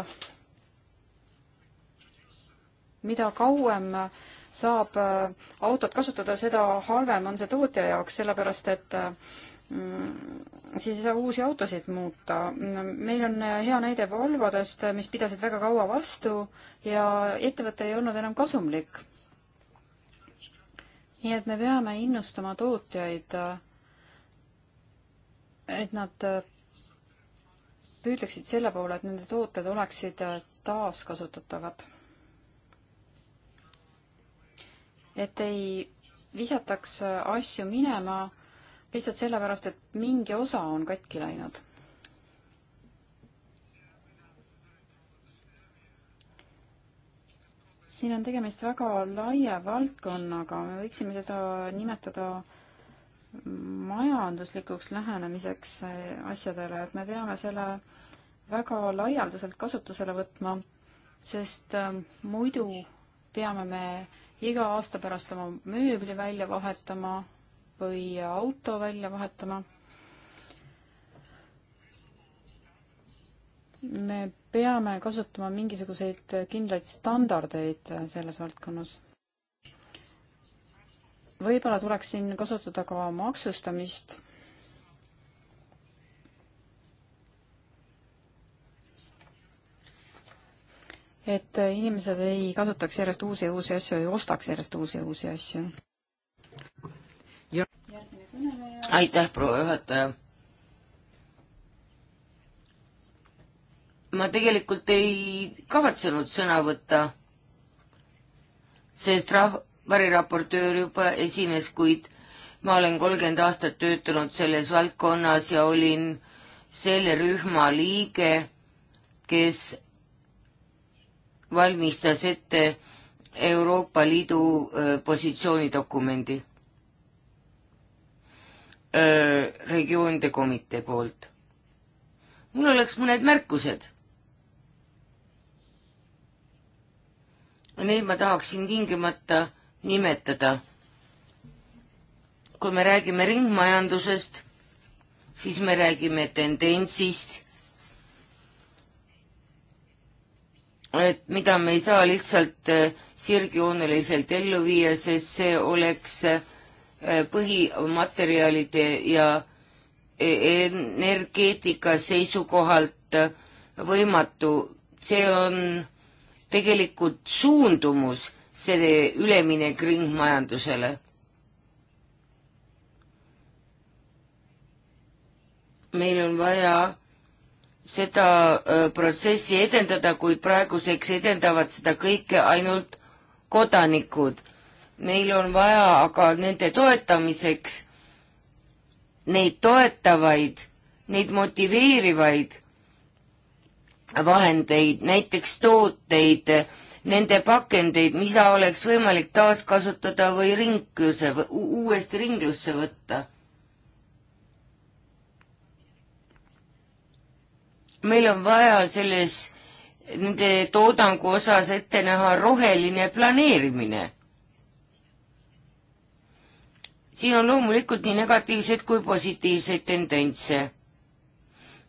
mida kauem saab äh, autot kasutada, seda halvem on see tootja jaoks, sellepärast et äh, siis ei saa uusi autosid muuta. meil on hea näide Volvodest, mis pidasid väga kaua vastu ja ettevõte ei olnud enam kasumlik nii et me peame innustama tootjaid, et nad püüdleksid selle poole, et nende tooted oleksid taaskasutatavad. et ei visataks asju minema lihtsalt sellepärast, et mingi osa on katki läinud siin on tegemist väga laia valdkonnaga, me võiksime seda nimetada majanduslikuks lähenemiseks asjadele, et me peame selle väga laialdaselt kasutusele võtma, sest äh, muidu peame me iga aasta pärast oma mööbli välja vahetama või auto välja vahetama. me peame kasutama mingisuguseid kindlaid standardeid selles valdkonnas. võib-olla tuleks siin kasutada ka maksustamist. et inimesed ei kasutaks järjest uusi ja uusi asju, ei ostaks järjest uusi ja uusi asju. aitäh, proua juhataja ma tegelikult ei kavatsenud sõna võtta, sest rah-, variraportöör juba esines, kuid ma olen kolmkümmend aastat töötanud selles valdkonnas ja olin selle rühma liige, kes valmistas ette Euroopa Liidu positsioonidokumendi regioonide komitee poolt. mul oleks mõned märkused Neid ma tahaksin tingimata nimetada. kui me räägime ringmajandusest, siis me räägime tendentsist, et mida me ei saa lihtsalt äh, sirgjooneliselt ellu viia, sest see oleks äh, põhimaterjalide ja e, energeetika seisukohalt äh, võimatu. see on tegelikult suundumus, see üleminek ringmajandusele? meil on vaja seda öö, äh, protsessi edendada, kuid praeguseks edendavad seda kõike ainult kodanikud. meil on vaja aga nende toetamiseks neid toetavaid, neid motiveerivaid vahendeid, näiteks tooteid, nende pakendeid, mida oleks võimalik taaskasutada või ringluse, uuesti ringlusse võtta. meil on vaja selles, nende toodangu osas ette näha roheline planeerimine siin on loomulikult nii negatiivseid kui positiivseid tendentse.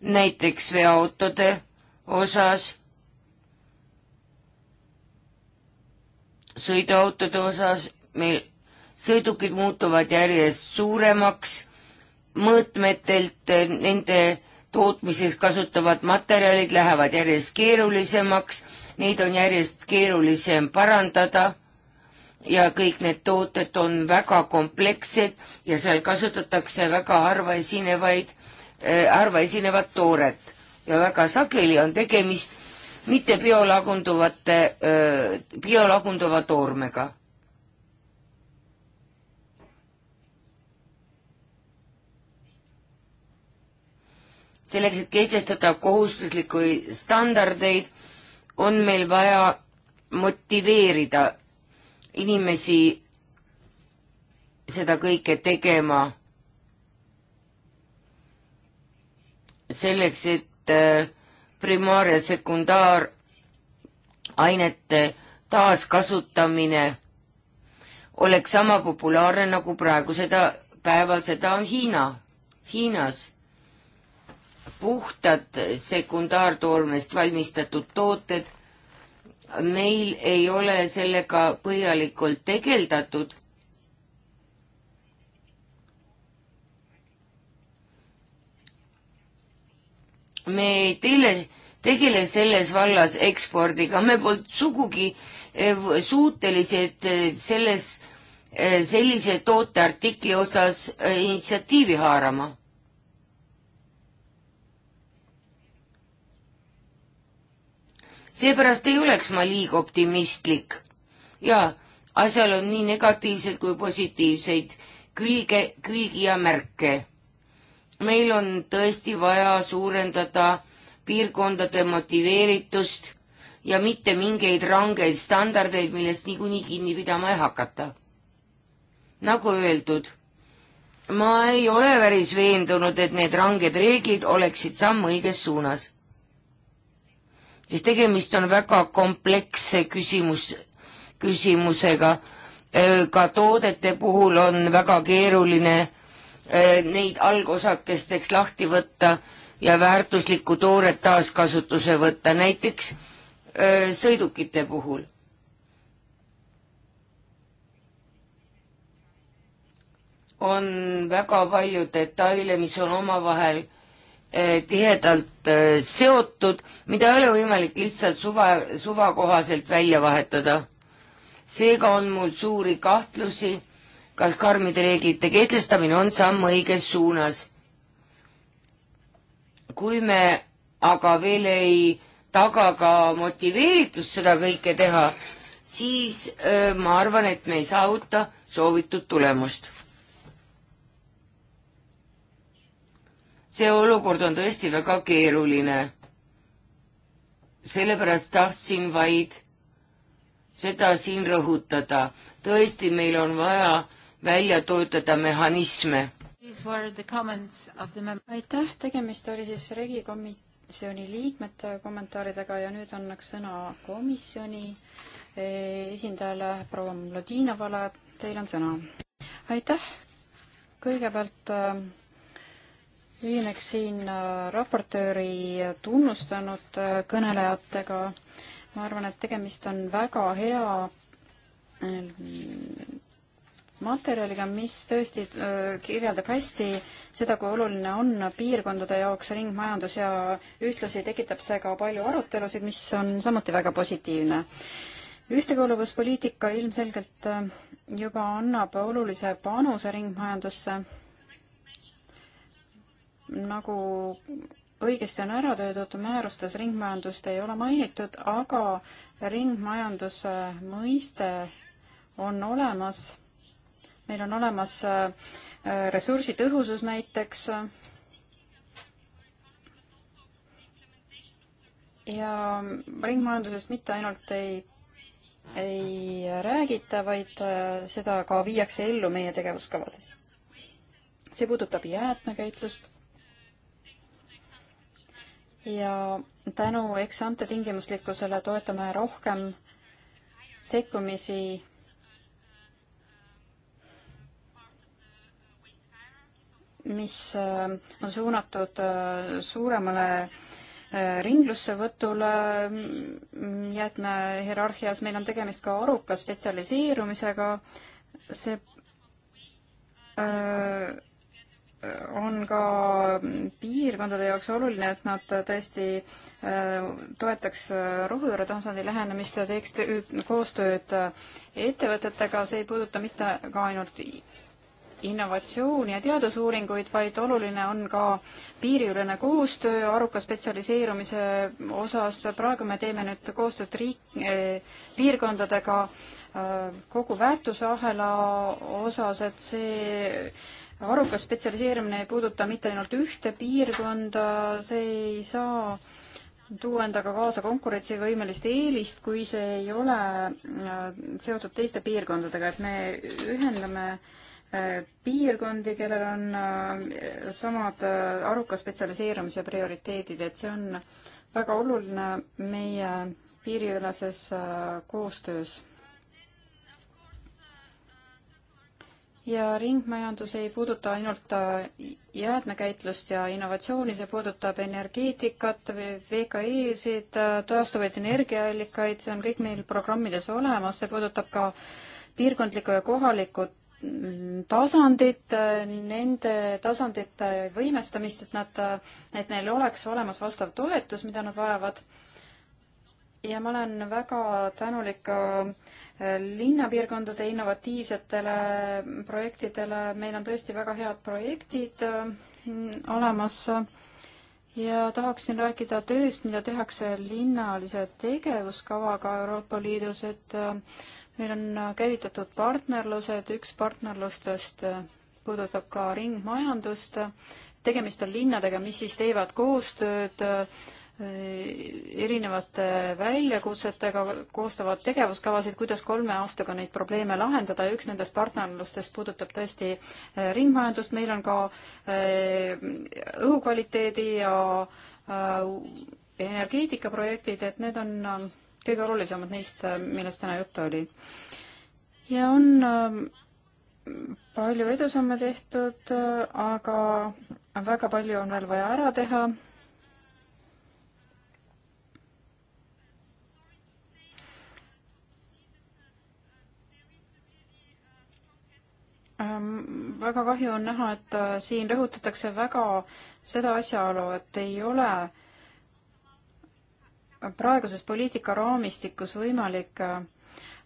näiteks veoautode osas, sõiduautode osas, meil sõidukid muutuvad järjest suuremaks, mõõtmetelt eh, nende tootmises kasutavad materjalid lähevad järjest keerulisemaks, neid on järjest keerulisem parandada ja kõik need tooted on väga komplekssed ja seal kasutatakse väga harva esinevaid äh,, harva esinevat tooret ja väga sageli on tegemist mitte biolagunduvate, biolagunduva toormega. selleks, et kehtestada kohustuslikke standardeid, on meil vaja motiveerida inimesi seda kõike tegema selleks, et et äh, primaar- ja sekundaarainete taaskasutamine oleks sama populaarne nagu praegu seda, päeval seda on Hiina, Hiinas. puhtad sekundaartoolmest valmistatud tooted, meil ei ole sellega põhjalikult tegeldatud me ei tele, tegele selles vallas ekspordiga, me polnud sugugi eh, suutelised eh, selles, eh, sellise tooteartikli osas initsiatiivi haarama seepärast ei oleks ma liiga optimistlik. ja asjal on nii negatiivseid kui positiivseid külge, külgi ja märke meil on tõesti vaja suurendada piirkondade motiveeritust ja mitte mingeid rangeid standardeid, millest niikuinii kinni pidama ei hakata. nagu öeldud, ma ei ole päris veendunud, et need ranged reeglid oleksid samm õiges suunas. sest tegemist on väga kompleksse küsimus, küsimusega. ka toodete puhul on väga keeruline Äh, neid algusakesteks lahti võtta ja väärtuslikku tooret taaskasutuse võtta, näiteks äh, sõidukite puhul. on väga palju detaile, mis on omavahel äh, tihedalt seotud, mida ei ole võimalik lihtsalt suva, suvakohaselt välja vahetada. seega on mul suuri kahtlusi kas karmide reeglite kehtestamine on samm õiges suunas. kui me aga veel ei taga ka motiveeritust seda kõike teha, siis öö, ma arvan, et me ei saavuta soovitud tulemust. see olukord on tõesti väga keeruline. sellepärast tahtsin vaid seda siin rõhutada. tõesti, meil on vaja välja töötada mehhanisme. aitäh, tegemist oli siis regikomisjoni liikmete kommentaaridega ja nüüd annaks sõna komisjoni eh, esindajale proua Mladinovale, teil on sõna. aitäh, kõigepealt ühineks eh, siin eh, raportööri tunnustanud kõnelejatega. ma arvan, et tegemist on väga hea materjaliga, mis tõesti kirjeldab hästi seda, kui oluline on piirkondade jaoks ringmajandus ja ühtlasi tekitab see ka palju arutelusid, mis on samuti väga positiivne. ühtekuuluvuspoliitika ilmselgelt juba annab olulise panuse ringmajandusse, nagu õigesti on ära töötatud määrustes, ringmajandust ei ole mainitud, aga ringmajanduse mõiste on olemas meil on olemas äh, äh, ressursitõhusus näiteks ja ringmajandusest mitte ainult ei, ei räägita, vaid äh, seda ka viiakse ellu meie tegevuskavades. see puudutab jäätmekäitlust ja tänu eksante tingimuslikkusele toetame rohkem sekkumisi mis äh, on suunatud äh, suuremale äh, ringlussevõtul mm, jäätmehierarhias, meil on tegemist ka aruka spetsialiseerumisega, see öö, on ka piirkondade jaoks oluline, et nad tõesti toetaks rohujuure tasandi lähenemist ja teeks koostööd ettevõtetega, see ei puuduta mitte ka ainult innovatsiooni ja teadusuuringuid, vaid oluline on ka piiriülene koostöö aruka spetsialiseerumise osas. praegu me teeme nüüd koostööd riik eh,, piirkondadega eh, kogu väärtusahela osas, et see arukas spetsialiseerumine ei puuduta mitte ainult ühte piirkonda, see ei saa tuua endaga kaasa konkurentsivõimelist eelist, kui see ei ole äh, seotud teiste piirkondadega, et me ühendame äh, Äh, piirkondi, kellel on äh, samad äh, aruka spetsialiseerumise prioriteedid, et see on väga oluline meie piiriüleses koostöös. ja ringmajandus ei puuduta ainult jäätmekäitlust ja innovatsiooni, see puudutab energeetikat, VKE-sid, taastuvaid energiaallikaid, see on kõik meil programmides olemas, see puudutab ka piirkondlikku ja kohalikku tasandit, nende tasandite võimestamist, et nad, et neil oleks olemas vastav toetus, mida nad vajavad. ja ma olen väga tänulik ka äh, linnapiirkondade innovatiivsetele projektidele, meil on tõesti väga head projektid äh, olemas ja tahaksin rääkida tööst, mida tehakse linnalise tegevuskavaga Euroopa Liidus, et äh, meil on äh, käivitatud partnerlused, üks partnerlustest äh, puudutab ka ringmajandust, tegemist on linnadega, mis siis teevad koostööd äh, erinevate väljakutsetega, koostavad tegevuskavasid, kuidas kolme aastaga neid probleeme lahendada ja üks nendest partnerlustest puudutab tõesti ringmajandust, meil on ka õhukvaliteedi ja energeetikaprojektid, et need on kõige olulisemad neist, äh, millest täna juttu oli. ja on äh, palju edusamme tehtud, äh, aga väga palju on veel vaja ära teha. Ähm, väga kahju on näha, et siin rõhutatakse väga seda asjaolu, et ei ole äh, praeguses poliitikaraamistikus võimalik äh,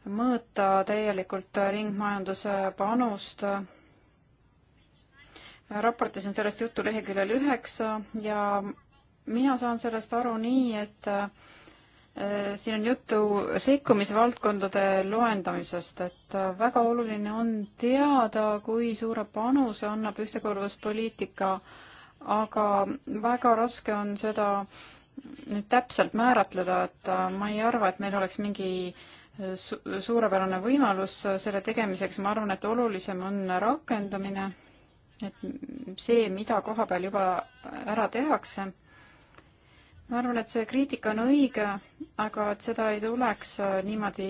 mõõta täielikult ringmajanduse panust. raportis on sellest juttu leheküljel üheksa ja mina saan sellest aru nii, et äh, siin on juttu sekkumisvaldkondade loendamisest, et äh, väga oluline on teada, kui suure panuse annab ühtekuuluvuspoliitika, aga väga raske on seda äh, nüüd täpselt määratleda, et äh, ma ei arva, et meil oleks mingi äh, su suurepärane võimalus äh, selle tegemiseks, ma arvan, et olulisem on rakendamine, et see, mida koha peal juba ära tehakse. ma arvan, et see kriitika on õige, aga et seda ei tuleks niimoodi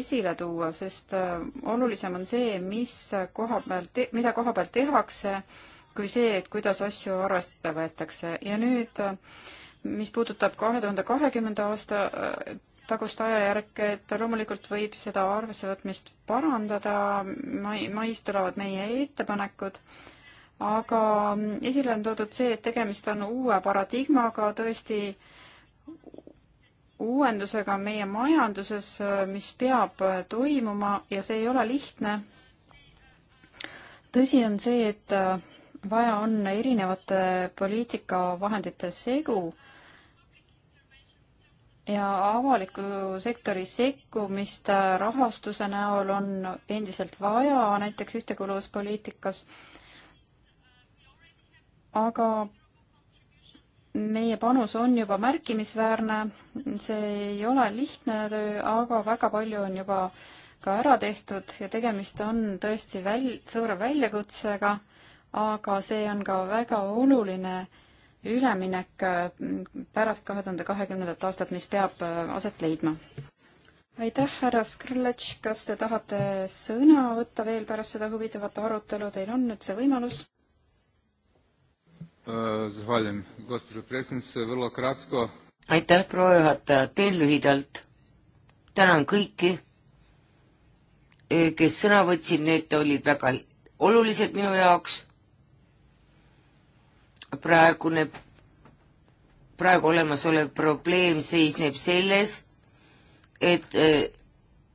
esile tuua, sest olulisem on see, mis koha peal, mida koha peal tehakse, kui see, et kuidas asju arvestada võetakse ja nüüd äh, mis puudutab kahe tuhande kahekümnenda aasta äh, tagust ajajärke, et loomulikult võib seda arvessevõtmist parandada, mai, mais tulevad meie ettepanekud, aga mm, esile on toodud see, et tegemist on uue paradigmaga, tõesti uuendusega meie majanduses, äh, mis peab äh, toimuma ja see ei ole lihtne. tõsi on see, et vaja on erinevate poliitikavahendite segu ja avaliku sektori sekkumist rahastuse näol on endiselt vaja, näiteks ühtekuuluvuspoliitikas. aga meie panus on juba märkimisväärne, see ei ole lihtne töö, aga väga palju on juba ka ära tehtud ja tegemist on tõesti väl-, suure väljakutsega, aga see on ka väga oluline äh, üleminek äh, pärast kahe tuhande kahekümnendat aastat, mis peab äh, aset leidma. aitäh, härra Skrletš, kas te tahate sõna võtta veel pärast seda huvitavat arutelu, teil on nüüd see võimalus? Äh, aitäh, proua juhataja, teen lühidalt. tänan kõiki, eh, kes sõna võtsid, need olid väga olulised minu jaoks praegune, praegu olemasolev probleem seisneb selles, et eh,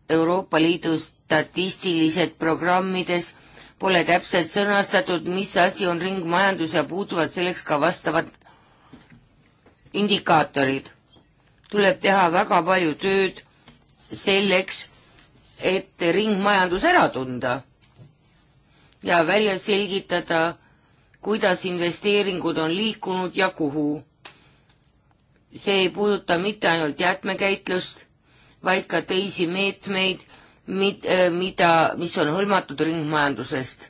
Euroopa Liidu statistilised programmides pole täpselt sõnastatud, mis asi on ringmajandus ja puuduvad selleks ka vastavad indikaatorid. tuleb teha väga palju tööd selleks, et ringmajandus ära tunda ja välja selgitada kuidas investeeringud on liikunud ja kuhu. see ei puuduta mitte ainult jäätmekäitlust, vaid ka teisi meetmeid, mid-, äh, mida, mis on hõlmatud ringmajandusest.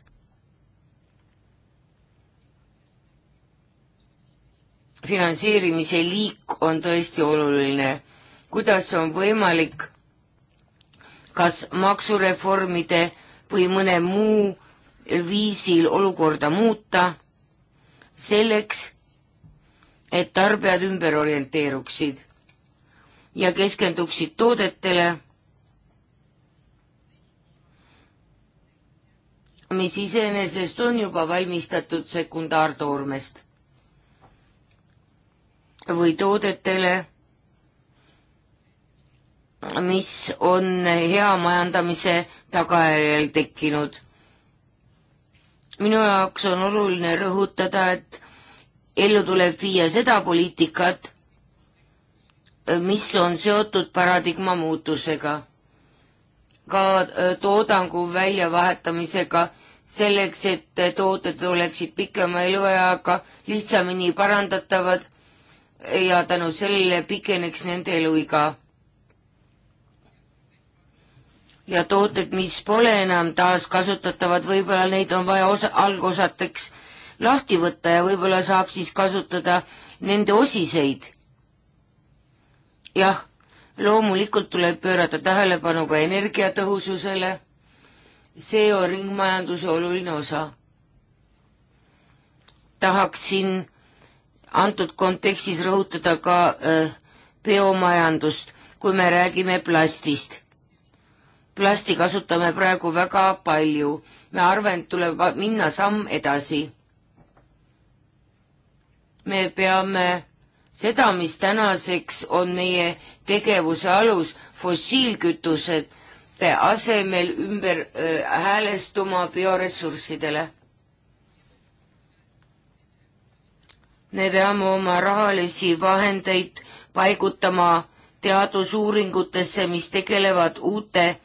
finantseerimise liik on tõesti oluline. kuidas on võimalik kas maksureformide või mõne muu viisil olukorda muuta selleks, et tarbijad ümber orienteeruksid ja keskenduksid toodetele, mis iseenesest on juba valmistatud sekundaartoormest või toodetele, mis on hea majandamise tagajärjel tekkinud minu jaoks on oluline rõhutada, et ellu tuleb viia seda poliitikat, mis on seotud paradigma muutusega, ka äh, toodangu väljavahetamisega, selleks, et äh, tooted oleksid pikema elueaga lihtsamini parandatavad ja tänu sellele pikeneks nende eluiga ja tooted, mis pole enam taaskasutatavad, võib-olla neid on vaja osa, algosateks lahti võtta ja võib-olla saab siis kasutada nende osiseid. jah, loomulikult tuleb pöörata tähelepanu ka energiatõhususele, see on ringmajanduse oluline osa. tahaksin antud kontekstis rõhutada ka öö, äh, biomajandust, kui me räägime plastist plasti kasutame praegu väga palju. ma arvan, et tuleb minna samm edasi. me peame seda, mis tänaseks on meie tegevuse alus, fossiilkütused, asemel ümber äh, häälestuma bioressurssidele. me peame oma rahalisi vahendeid paigutama teadusuuringutesse, mis tegelevad uute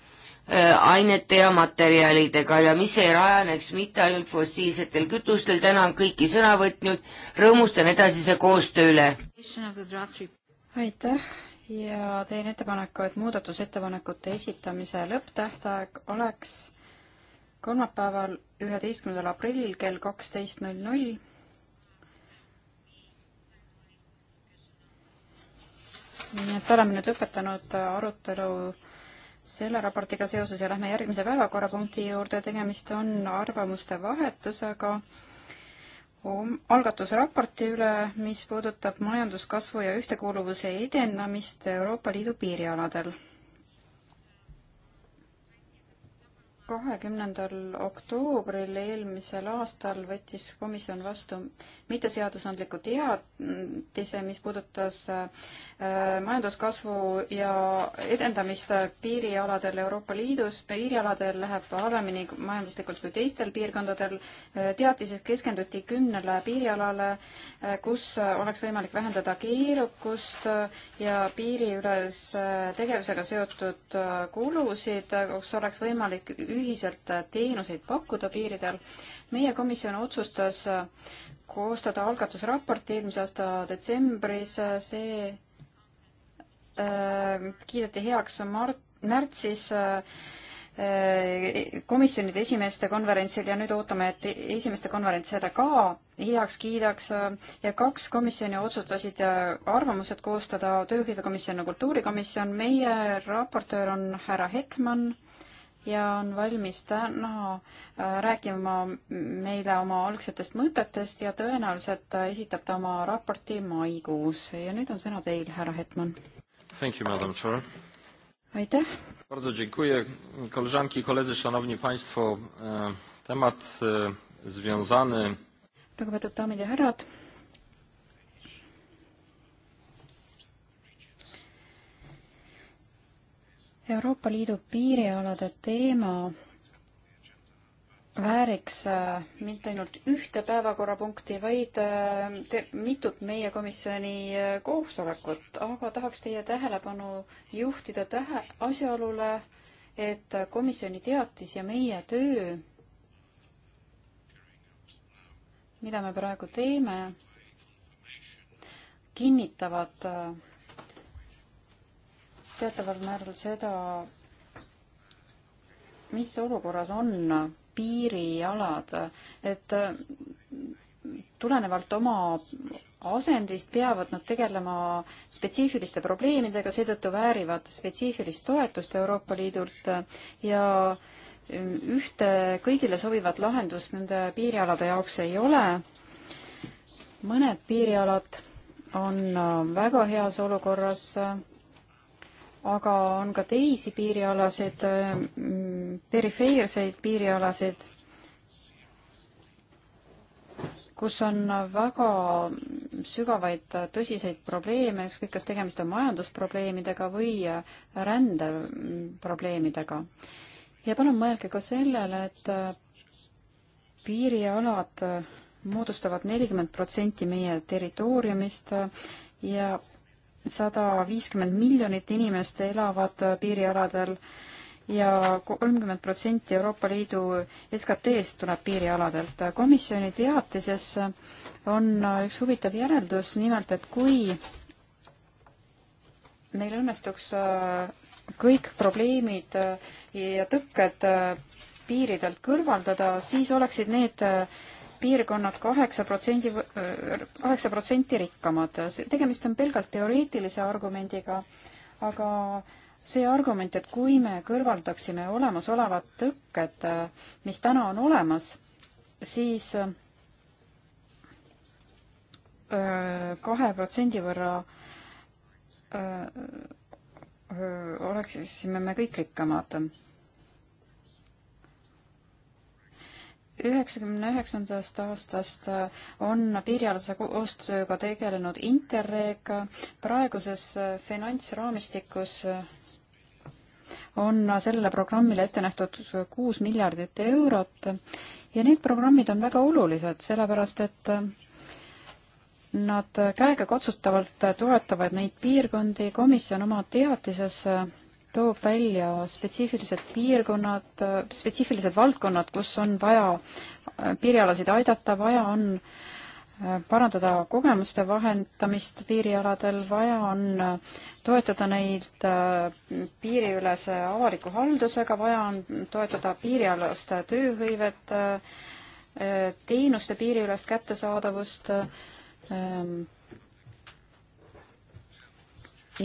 Äh, ainete ja materjalidega ja mis ei rajaneks mitte ainult fossiilsetel kütustel. tänan kõiki sõnavõtnud, rõõmustan edasise koostöö üle. aitäh ja teen ettepaneku, et muudatusettepanekute esitamise lõpptähtaeg oleks kolmapäeval, üheteistkümnendal aprillil kell kaksteist null null. nii et oleme nüüd lõpetanud arutelu selle raportiga seoses ja lähme järgmise päevakorrapunkti juurde, tegemist on arvamuste vahetusega algatusraporti üle, mis puudutab majanduskasvu ja ühtekuuluvuse edendamist Euroopa Liidu piirialadel. kahekümnendal oktoobril eelmisel aastal võttis komisjon vastu mitteseadusandliku teadise, mis puudutas äh, majanduskasvu ja edendamist piirialadel Euroopa Liidus. piirialadel läheb halvemini majanduslikult kui teistel piirkondadel. Äh, teatises keskenduti kümnele piirialale, äh, kus oleks võimalik vähendada keerukust ja piiriüles tegevusega seotud kulusid, kus oleks võimalik ühiselt teenuseid pakkuda piiridel. meie komisjon otsustas koostada algatusraporti eelmise aasta detsembris, see äh, kiideti heaks mart-, märtsis äh, komisjonide esimeeste konverentsil ja nüüd ootame, et esimeste konverents selle ka heaks kiidaks ja kaks komisjoni otsustasid äh, arvamused koostada, tööhõivekomisjon ja kultuurikomisjon. meie raportöör on härra Hetman ja on valmis täna äh, rääkima meile oma algsetest mõtetest ja tõenäoliselt äh, esitab ta oma raporti maikuus ja nüüd on sõna teil, härra Hetman. aitäh. Bardzo dziękuję. Koleżanki i koledzy, szanowni państwo, e, temat e, związany lugupeetud daamid ja härrad Euroopa Liidu piirialade teema vääriks äh, mitte ainult ühte päevakorrapunkti, vaid äh, mitut meie komisjoni äh, koosolekut, aga tahaks teie tähelepanu juhtida tähe-, asjaolule, et komisjoni teatis ja meie töö, mida me praegu teeme, kinnitavad teataval määral seda, mis olukorras on piirialad, et tulenevalt oma asendist peavad nad tegelema spetsiifiliste probleemidega, seetõttu väärivad spetsiifilist toetust Euroopa Liidult ja ühte kõigile sobivat lahendust nende piirialade jaoks ei ole. mõned piirialad on väga heas olukorras aga on ka teisi piirialasid, perifeerseid piirialasid, kus on väga sügavaid tõsiseid probleeme, ükskõik kas tegemist on majandusprobleemidega või rändeprobleemidega. ja palun mõelge ka sellele, et piirialad moodustavad nelikümmend protsenti meie territooriumist ja sada viiskümmend miljonit inimest elavad piirialadel ja kolmkümmend protsenti Euroopa Liidu SKT-st tuleb piirialadelt. komisjoni teatises on üks huvitav järeldus, nimelt et kui meil õnnestuks äh, kõik probleemid äh, ja tõkked äh, piiridelt kõrvaldada, siis oleksid need piirkonnad kaheksa protsendi, kaheksa protsenti rikkamad. tegemist on pelgalt teoreetilise argumendiga, aga see argument, et kui me kõrvaldaksime olemasolevad tõkked, mis täna on olemas, siis kahe protsendi võrra öö, öö, oleksime me kõik rikkamad üheksakümne üheksandast aastast on piirialase koostööga tegelenud Interreg. praeguses finantsraamistikus on sellele programmile ette nähtud kuus miljardit eurot ja need programmid on väga olulised, sellepärast et nad käegakatsutavalt toetavad neid piirkondi. komisjon oma teatises toob välja spetsiifilised piirkonnad, spetsiifilised valdkonnad, kus on vaja äh, piirialasid aidata, vaja on äh, parandada kogemuste vahendamist piirialadel, vaja on äh, toetada neid piiriülese avaliku haldusega, vaja on toetada piirialaste tööhõivet, teenuste piiriülest kättesaadavust, ähm,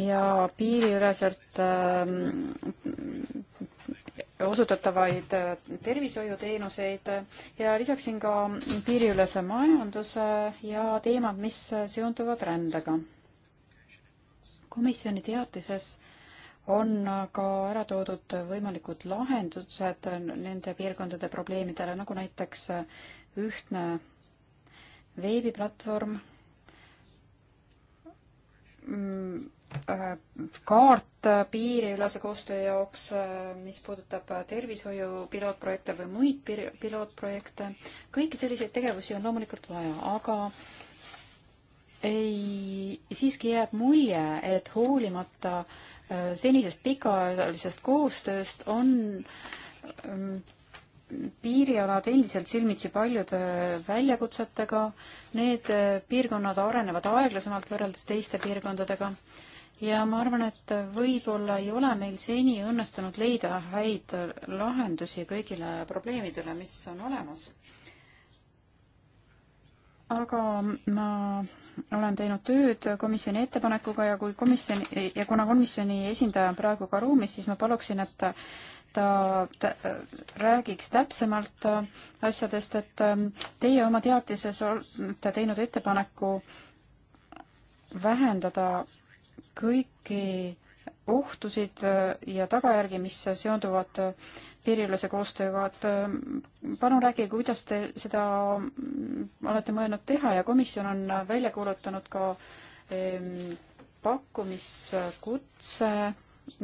ja piiriüleselt ähm, osutatavaid äh, tervishoiuteenuseid ja lisaksin ka piiriülese majanduse ja teemad, mis seonduvad rändega. komisjoni teatises on ka ära toodud võimalikud lahendused nende piirkondade probleemidele, nagu näiteks ühtne veebiplatvorm, Äh, kaart äh, piiriülese koostöö jaoks, äh, mis puudutab tervishoiu pilootprojekte või muid pilootprojekte. kõiki selliseid tegevusi on loomulikult vaja, aga ei, siiski jääb mulje, et hoolimata senisest pikaajalisest koostööst on ähm, piirialad endiselt silmitsi paljude väljakutsetega, need piirkonnad arenevad aeglasemalt võrreldes teiste piirkondadega ja ma arvan, et võib-olla ei ole meil seni õnnestunud leida häid lahendusi kõigile probleemidele, mis on olemas. aga ma olen teinud tööd komisjoni ettepanekuga ja kui komisjon ja kuna komisjoni esindaja on praegu ka ruumis, siis ma paluksin, et ta, ta räägiks täpsemalt asjadest, et teie oma teatises olete teinud ettepaneku vähendada kõiki ohtusid ja tagajärgi, mis seonduvad piiriülese koostööga, et ähm, palun rääkige, kuidas te seda olete mõelnud teha ja komisjon on välja kuulutanud ka ähm, pakkumiskutse,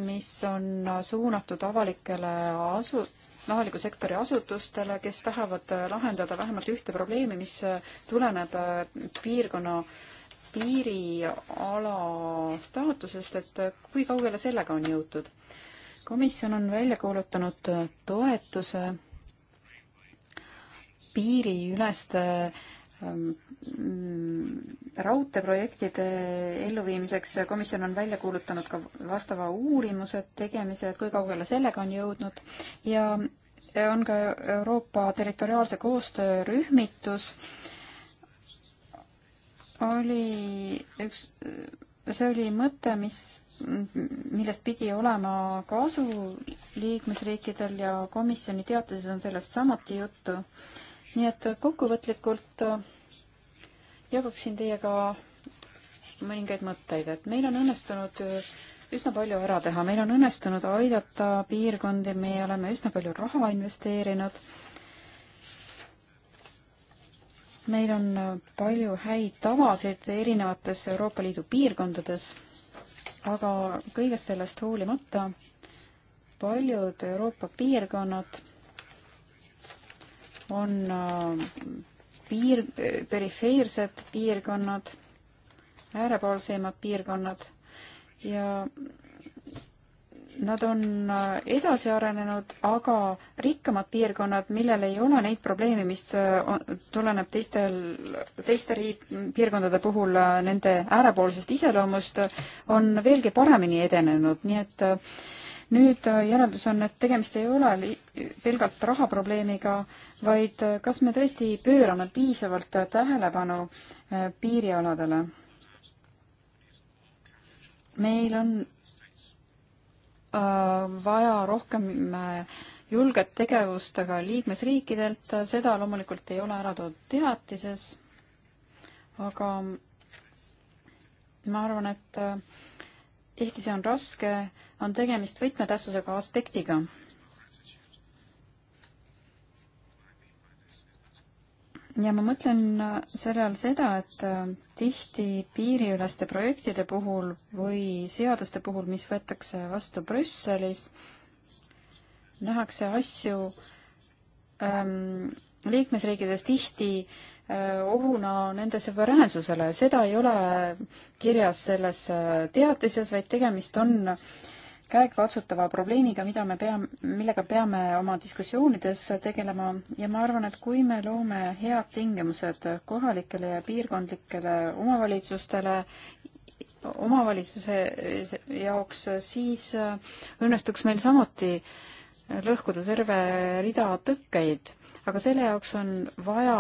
mis on suunatud avalikele asu-, avaliku sektori asutustele, kes tahavad lahendada vähemalt ühte probleemi, mis tuleneb äh, piirkonna äh, piiriala staatusest, et kui kaugele sellega on jõutud? komisjon on välja kuulutanud toetuse piiriüleste ähm, raudteeprojektide elluviimiseks komisjon on välja kuulutanud ka vastava uurimuse tegemise, et kui kaugele sellega on jõudnud ja on ka Euroopa territoriaalse koostöö rühmitus, oli üks, see oli mõte, mis, millest pidi olema kasu liikmesriikidel ja komisjoni teatises on sellest samuti juttu. nii et kokkuvõtlikult äh, jagaksin teiega mõningaid mõtteid, et meil on õnnestunud üsna palju ära teha, meil on õnnestunud aidata piirkondi, me oleme üsna palju raha investeerinud meil on äh, palju häid tavasid erinevates Euroopa Liidu piirkondades, aga kõigest sellest hoolimata paljud Euroopa piirkonnad on äh, piir, perifeersed piirkonnad, äärepoolseimad piirkonnad ja nad on äh, edasi arenenud, aga rikkamad piirkonnad, millel ei ole neid probleeme, mis äh, tuleneb teistel, teiste riik, piirkondade puhul äh, nende äärepoolsest iseloomust, on veelgi paremini edenenud, nii et nüüd järeldus on, et tegemist ei ole pelgalt rahaprobleemiga, vaid kas me tõesti pöörame piisavalt tähelepanu piirialadele. meil on Äh, vaja rohkem äh, julget tegevust aga liikmesriikidelt, äh, seda loomulikult ei ole ära toodud teatises, aga ma arvan, et ehkki see on raske, on tegemist võtmetähtsusega aspektiga ja ma mõtlen äh, selle all seda, et äh, tihti piiriüleste projektide puhul või seaduste puhul, mis võetakse vastu Brüsselis, nähakse asju ähm, liikmesriikides tihti äh, ohuna nende suveräänsusele. seda ei ole kirjas selles äh, teatises, vaid tegemist on äh, käegakatsutava probleemiga, mida me peame, millega peame oma diskussioonides tegelema ja ma arvan, et kui me loome head tingimused kohalikele ja piirkondlikele omavalitsustele, omavalitsuse jaoks, siis õnnestuks meil samuti lõhkuda terve rida tõkkeid, aga selle jaoks on vaja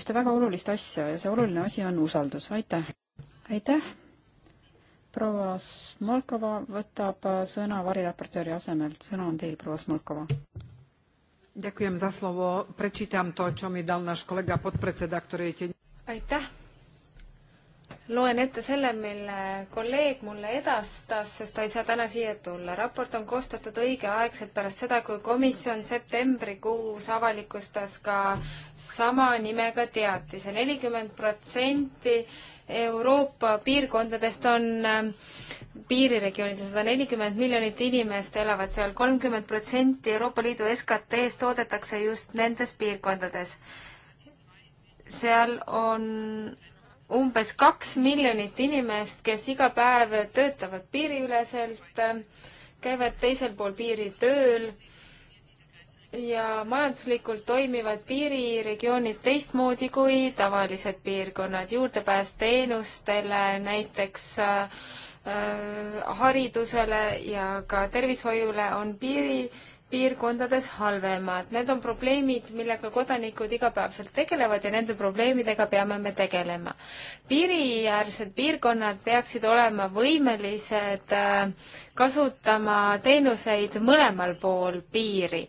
ühte väga olulist asja ja see oluline asi on usaldus, aitäh! aitäh! proua Smolkova võtab äh, sõna variraportööri asemel. sõna on teil, proua Smolkova. Ďakujem za slovo. Prečítam to, čo mi dal náš kolega podpredseda, ktorý je... Aitäh! loen ette selle, mille kolleeg mulle edastas, sest ta ei saa täna siia tulla. raport on koostatud õigeaegselt pärast seda, kui komisjon septembrikuus avalikustas ka sama nimega teatise. nelikümmend protsenti Euroopa piirkondadest on ähm, piiriregioonid, sada nelikümmend miljonit inimest elavad seal, kolmkümmend protsenti Euroopa Liidu SKT-st toodetakse just nendes piirkondades. seal on umbes kaks miljonit inimest, kes iga päev töötavad piiriüleselt, käivad teisel pool piiri tööl ja majanduslikult toimivad piiriregioonid teistmoodi kui tavalised piirkonnad, juurdepääs teenustele, näiteks äh, äh, haridusele ja ka tervishoiule on piiri piirkondades halvemad. Need on probleemid, millega kodanikud igapäevaselt tegelevad ja nende probleemidega peame me tegelema. piiriäärsed piirkonnad peaksid olema võimelised äh, kasutama teenuseid mõlemal pool piiri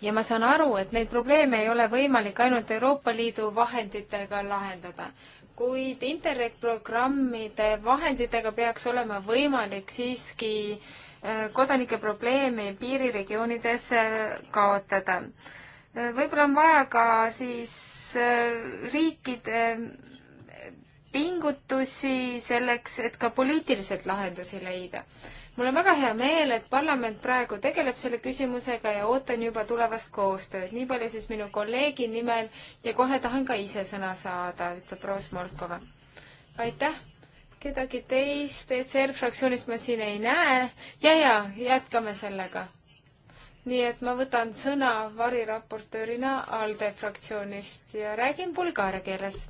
ja ma saan aru, et neid probleeme ei ole võimalik ainult Euroopa Liidu vahenditega lahendada, kuid Interreg programmide vahenditega peaks olema võimalik siiski äh, kodanike probleeme piiriregioonides äh, kaotada. Äh, võib-olla on vaja ka siis riikide pingutusi selleks, et ka poliitiliselt lahendusi leida mul on väga hea meel, et parlament praegu tegeleb selle küsimusega ja ootan juba tulevast koostööd. nii palju siis minu kolleegi nimel ja kohe tahan ka ise sõna saada, ütleb Roos Molkova. aitäh! kedagi teist ECR fraktsioonist ma siin ei näe. ja, ja jätkame sellega. nii et ma võtan sõna variraportöörina ALDE fraktsioonist ja räägin bulgaaria keeles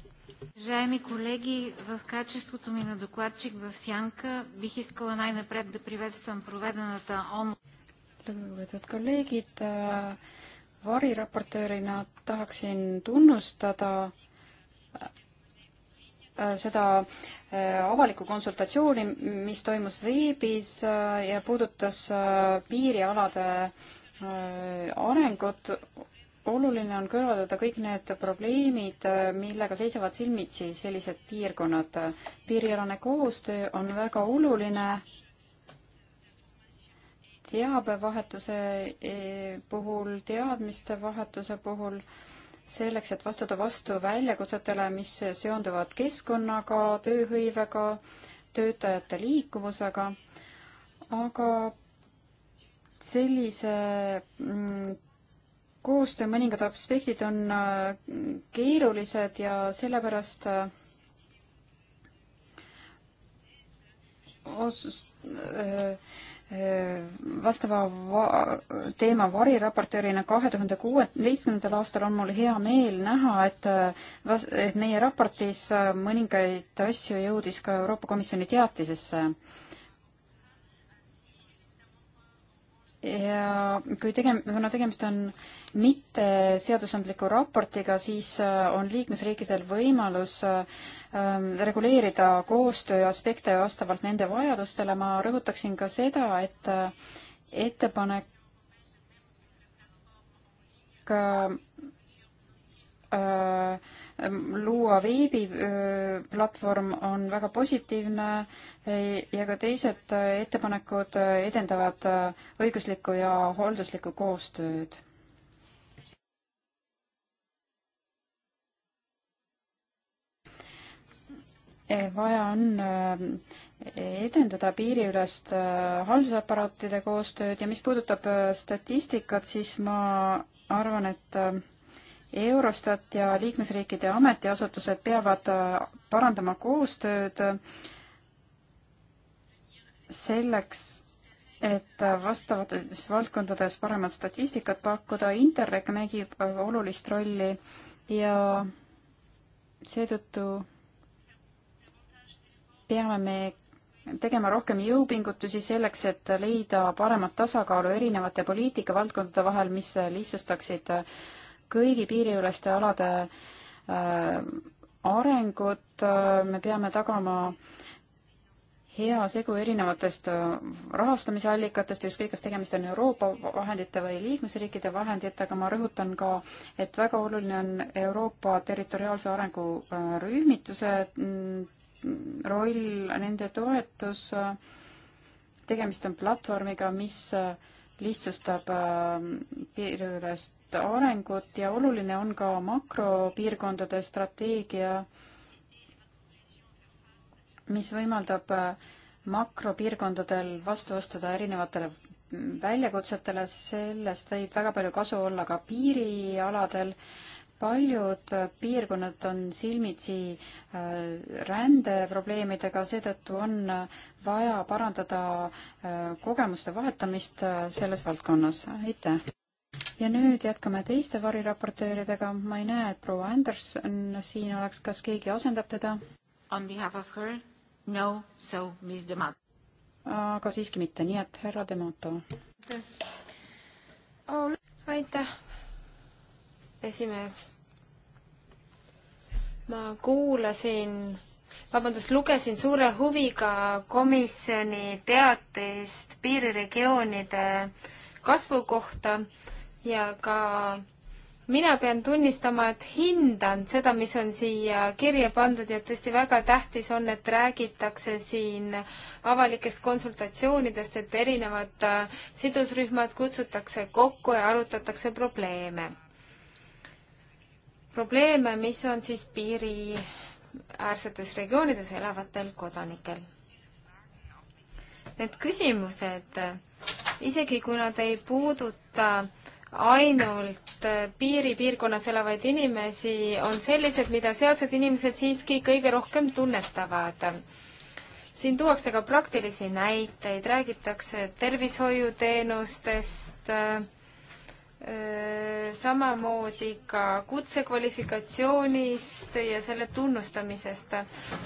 Уважаеми колеги, в качеството ми на докладчик в Сянка бих искала най-напред да приветствам проведената он... Lugupeetud kolleegid, variraportöörina tahaksin tunnustada seda avalikku konsultatsiooni, mis toimus veebis ja puudutas piirialade arengut oluline on kõrvaldada kõik need probleemid, millega seisavad silmitsi sellised piirkonnad. piirialane koostöö on väga oluline teabevahetuse e, puhul, teadmiste vahetuse puhul, selleks, et vastuda vastu väljakutsetele, mis seonduvad keskkonnaga, tööhõivega, töötajate liikuvusega, aga sellise mm, koostöö mõningad aspektid on äh, keerulised ja sellepärast äh, otsust äh, vastava va teema variraportöörina kahe tuhande kuueteistkümnendal aastal on mul hea meel näha, et vas-, et meie raportis mõningaid asju jõudis ka Euroopa Komisjoni teatisesse ja kui tegem-, kuna tegemist on mitte seadusandliku raportiga, siis äh, on liikmesriikidel võimalus ähm, reguleerida koostöö aspekte vastavalt nende vajadustele. ma rõhutaksin ka seda, et äh, ettepanek äh, Äh, ähm, luua veebiplatvorm äh, on väga positiivne äh, ja ka teised ettepanekud edendavad õiguslikku ja hoolduslikku koostööd. vaja on edendada piiriülest haldusaparaatide koostööd ja mis puudutab statistikat, siis ma arvan, et Eurostat ja liikmesriikide ametiasutused peavad äh, parandama koostööd äh, selleks, et äh, vastavates valdkondades paremat statistikat pakkuda, Interreg mängib olulist rolli ja seetõttu peame me tegema rohkem jõupingutusi selleks, et leida paremat tasakaalu erinevate poliitikavaldkondade vahel, mis lihtsustaksid äh, kõigi piiriüleste alade äh, arengut, äh, me peame tagama hea segu erinevatest äh, rahastamisallikatest, ükskõik, kas tegemist on Euroopa vahendite või liikmesriikide vahenditega, ma rõhutan ka, et väga oluline on Euroopa territoriaalse arengu rühmituse mm, roll, nende toetus, tegemist on platvormiga, mis lihtsustab piiriülest regionaalset arengut ja oluline on ka makropiirkondade strateegia, mis võimaldab äh, makropiirkondadel vastu astuda erinevatele väljakutsetele, sellest võib väga palju kasu olla ka piirialadel. paljud piirkonnad on silmitsi äh, rändeprobleemidega, seetõttu on äh, vaja parandada kogemuste vahetamist selles valdkonnas. aitäh! ja nüüd jätkame teiste variraportööridega. ma ei näe, et proua Anderson siin oleks, kas keegi asendab teda? On behalf of her, no, so Miss Demato. aga siiski mitte, nii et härra Demato. aitäh, esimees. ma kuulasin vabandust, lugesin suure huviga komisjoni teatist piiriregioonide kasvu kohta ja ka mina pean tunnistama, et hindan seda, mis on siia kirja pandud ja tõesti väga tähtis on, et räägitakse siin avalikest konsultatsioonidest, et erinevad äh, sidusrühmad kutsutakse kokku ja arutatakse probleeme. probleeme, mis on siis piiriäärsetes regioonides elavatel kodanikel. Need küsimused, isegi kui nad ei puuduta ainult äh, piiripiirkonnas elavaid inimesi, on sellised, mida sealsed inimesed siiski kõige rohkem tunnetavad. siin tuuakse ka praktilisi näiteid, räägitakse tervishoiuteenustest äh,, samamoodi ka kutsekvalifikatsioonist ja selle tunnustamisest.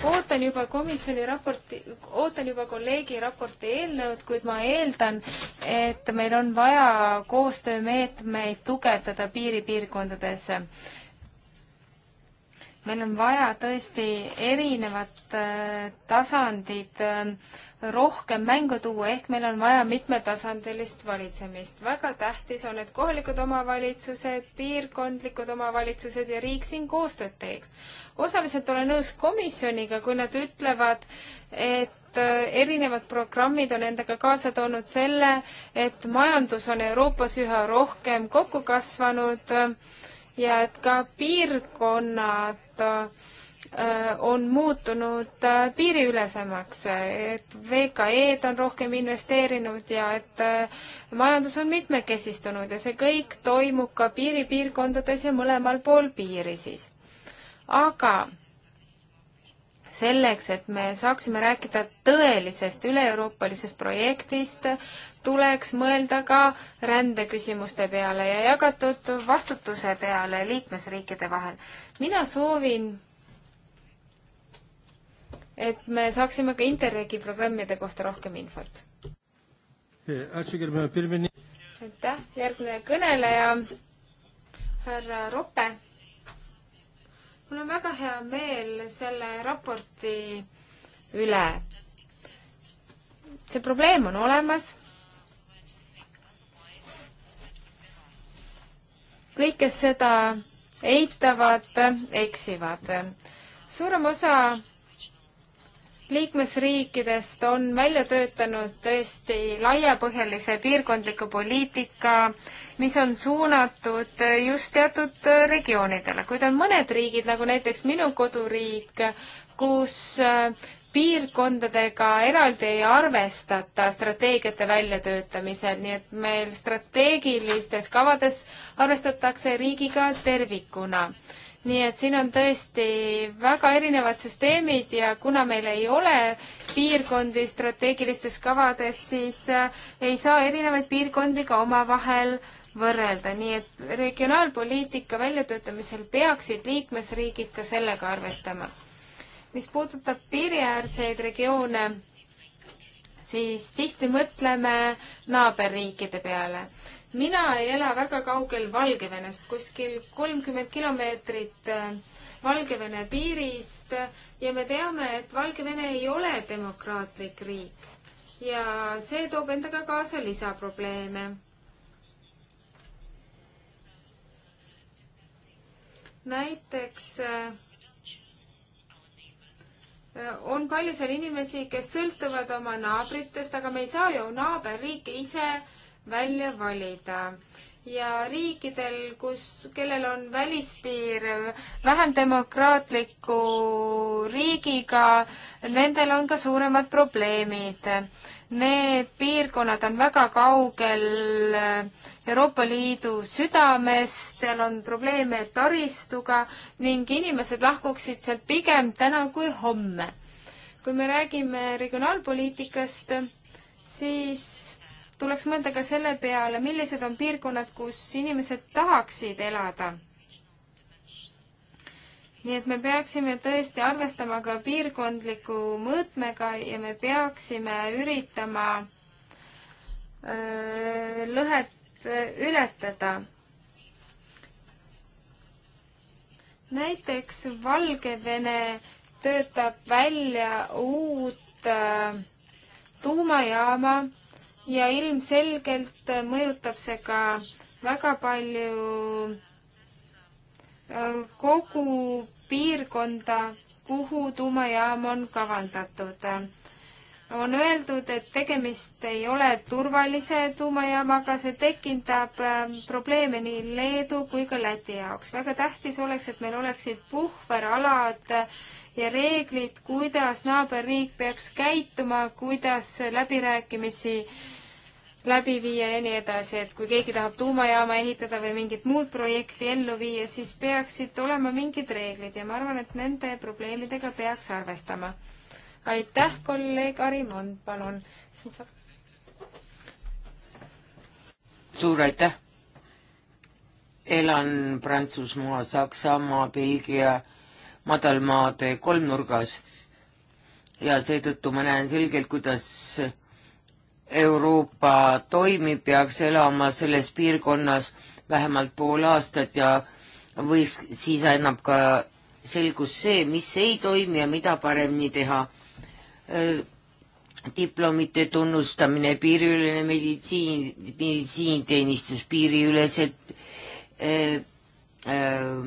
ootan juba komisjoni raporti, ootan juba kolleegi raporti eelnõud, kuid ma eeldan, et meil on vaja koostöömeetmeid tugevdada piiripiirkondades. meil on vaja tõesti erinevat tasandit rohkem mängu tuua, ehk meil on vaja mitmetasandilist valitsemist. väga tähtis on, et kohalikud omavalitsused, piirkondlikud omavalitsused ja riik siin koostööd teeks. osaliselt olen nõus komisjoniga, kui nad ütlevad, et äh, erinevad programmid on endaga kaasa toonud selle, et majandus on Euroopas üha rohkem kokku kasvanud äh, ja et ka piirkonnad äh, Äh, on muutunud äh, piiriülesemaks, et VKE-d on rohkem investeerinud ja et äh, majandus on mitmekesistunud ja see kõik toimub ka piiripiirkondades ja mõlemal pool piiri siis. aga selleks, et me saaksime rääkida tõelisest üle-euroopalisest projektist, tuleks mõelda ka rändeküsimuste peale ja jagatud vastutuse peale liikmesriikide vahel. mina soovin et me saaksime ka Interregi programmide kohta rohkem infot. aitäh, järgmine kõneleja, härra Rope. mul on väga hea meel selle raporti üle. see probleem on olemas kõik, kes seda eitavad, eksivad. suurem osa liikmesriikidest on välja töötanud tõesti laiapõhjalise piirkondliku poliitika, mis on suunatud just teatud regioonidele, kuid on mõned riigid, nagu näiteks minu koduriik, kus äh, piirkondadega eraldi ei arvestata strateegiate väljatöötamisel, nii et meil strateegilistes kavades arvestatakse riigiga tervikuna nii et siin on tõesti väga erinevad süsteemid ja kuna meil ei ole piirkondi strateegilistes kavades, siis äh, ei saa erinevaid piirkondi ka omavahel võrrelda, nii et regionaalpoliitika väljatöötamisel peaksid liikmesriigid ka sellega arvestama. mis puudutab piiriäärseid regioone, siis tihti mõtleme naaberriikide peale mina ei ela väga kaugel Valgevenest, kuskil kolmkümmend kilomeetrit äh, Valgevene piirist ja me teame, et Valgevene ei ole demokraatlik riik ja see toob endaga kaasa lisaprobleeme. näiteks äh, on palju seal inimesi, kes sõltuvad oma naabritest, aga me ei saa ju naaberriike ise välja valida ja riikidel, kus, kellel on välispiir vähem demokraatliku riigiga, nendel on ka suuremad probleemid. Need piirkonnad on väga kaugel Euroopa Liidu südamest, seal on probleeme taristuga ning inimesed lahkuksid sealt pigem täna kui homme. kui me räägime regionaalpoliitikast, siis tuleks mõelda ka selle peale, millised on piirkonnad, kus inimesed tahaksid elada. nii et me peaksime tõesti arvestama ka piirkondliku mõõtmega ja me peaksime üritama öö, äh, lõhet äh, ületada. näiteks Valgevene töötab välja uut öö, äh, tuumajaama ja ilmselgelt mõjutab see ka väga palju äh, kogu piirkonda, kuhu tuumajaam on kavandatud on öeldud, et tegemist ei ole turvalise tuumajaamaga, see tekitab ähm, probleeme nii Leedu kui ka Läti jaoks. väga tähtis oleks, et meil oleksid puhveralad ja reeglid, kuidas naaberriik peaks käituma, kuidas läbirääkimisi läbi viia ja nii edasi, et kui keegi tahab tuumajaama ehitada või mingit muud projekti ellu viia, siis peaksid olema mingid reeglid ja ma arvan, et nende probleemidega peaks arvestama aitäh, kolleeg Arimond, palun. suur aitäh. elan Prantsusmaa, Saksamaa, Belgia madalmaade kolmnurgas ja seetõttu ma näen selgelt, kuidas Euroopa toimib, peaks elama selles piirkonnas vähemalt pool aastat ja võiks, siis annab ka selgus see, mis ei toimi ja mida paremini teha. Äh, diplomite tunnustamine, piiriülene meditsiin, meditsiiniteenistus, piiriülesed äh, äh,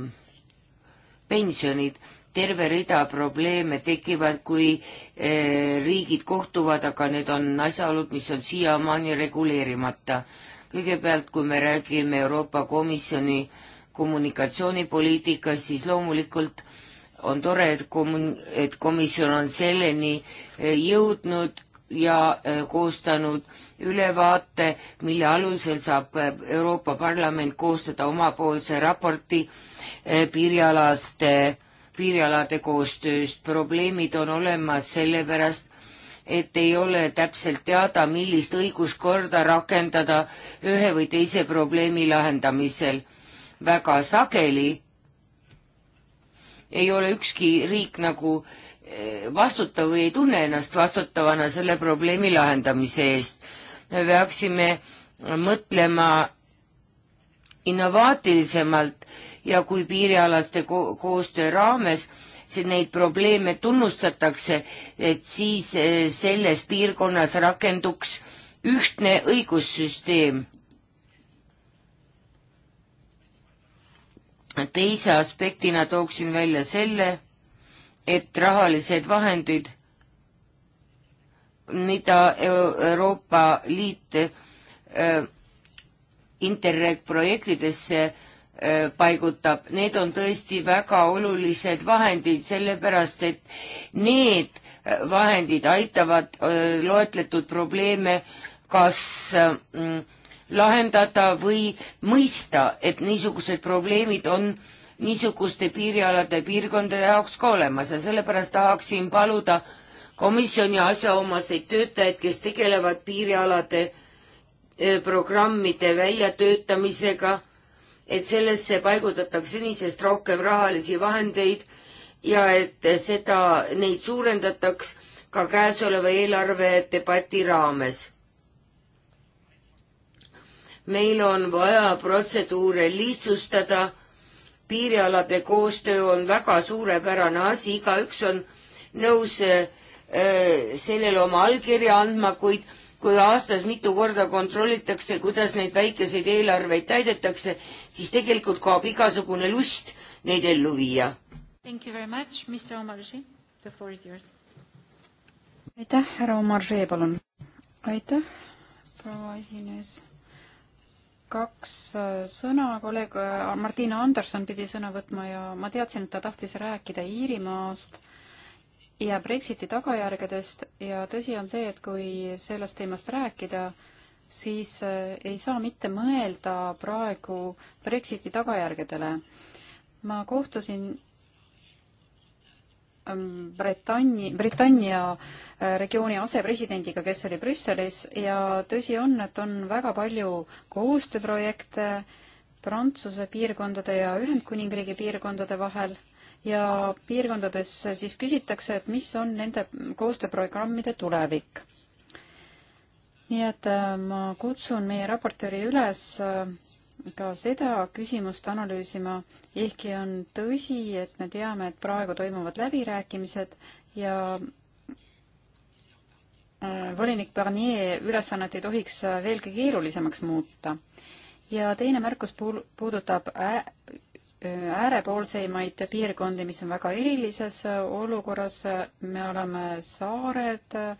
pensionid, terve rida probleeme tekivad, kui äh, riigid kohtuvad, aga need on asjaolud, mis on siiamaani reguleerimata. kõigepealt, kui me räägime Euroopa Komisjoni kommunikatsioonipoliitikast, siis loomulikult on tore, et kom-, et komisjon on selleni eh, jõudnud ja eh, koostanud ülevaate, mille alusel saab eh, Euroopa Parlament koostada omapoolse raporti piirialaste, piirialade koostööst. probleemid on olemas sellepärast, et ei ole täpselt teada, millist õiguskorda rakendada ühe või teise probleemi lahendamisel. väga sageli ei ole ükski riik nagu eh, vastutav või ei tunne ennast vastutavana selle probleemi lahendamise eest. me peaksime mõtlema innovaatilisemalt ja kui piirialaste ko koostöö raames neid probleeme tunnustatakse, et siis eh, selles piirkonnas rakenduks ühtne õigussüsteem teise aspektina tooksin välja selle, et rahalised vahendid, mida Euroopa Liit äh, Interreg projektidesse äh, paigutab, need on tõesti väga olulised vahendid, sellepärast et need äh, vahendid aitavad loetletud probleeme kas äh, mm, lahendada või mõista, et niisugused probleemid on niisuguste piirialade piirkondade jaoks ka olemas ja sellepärast tahaksin paluda komisjoni asjaomaseid töötajaid, kes tegelevad piirialade eh, programmide väljatöötamisega, et sellesse paigutatakse senisest rohkem rahalisi vahendeid ja et seda, neid suurendataks ka käesoleva eelarvedebati raames meil on vaja protseduure lihtsustada, piirialade koostöö on väga suurepärane asi, igaüks on nõus äh, sellele oma allkirja andma, kuid kui aastas mitu korda kontrollitakse, kuidas neid väikeseid eelarveid täidetakse, siis tegelikult kaob igasugune lust neid ellu viia. aitäh, härra Omar Žee, palun. aitäh, proua esimees kaks äh, sõna, kolleeg äh, Martina Anderson pidi sõna võtma ja ma teadsin, et ta tahtis rääkida Iirimaast ja Brexiti tagajärgedest ja tõsi on see, et kui sellest teemast rääkida, siis äh, ei saa mitte mõelda praegu Brexiti tagajärgedele. ma kohtusin Britanni, Britannia äh, regiooni asepresidendiga, kes oli Brüsselis ja tõsi on, et on väga palju koostööprojekte Prantsuse piirkondade ja Ühendkuningriigi piirkondade vahel ja piirkondades siis küsitakse, et mis on nende koostööprogrammide tulevik. nii et äh, ma kutsun meie raportööri üles äh, ka seda küsimust analüüsima, ehkki on tõsi, et me teame, et praegu toimuvad läbirääkimised ja äh, volinik Barnier ülesannet ei tohiks veelgi keerulisemaks muuta. ja teine märkus puul-, puudutab äärepoolseimaid piirkondi, mis on väga erilises äh, olukorras, me oleme saared, äh,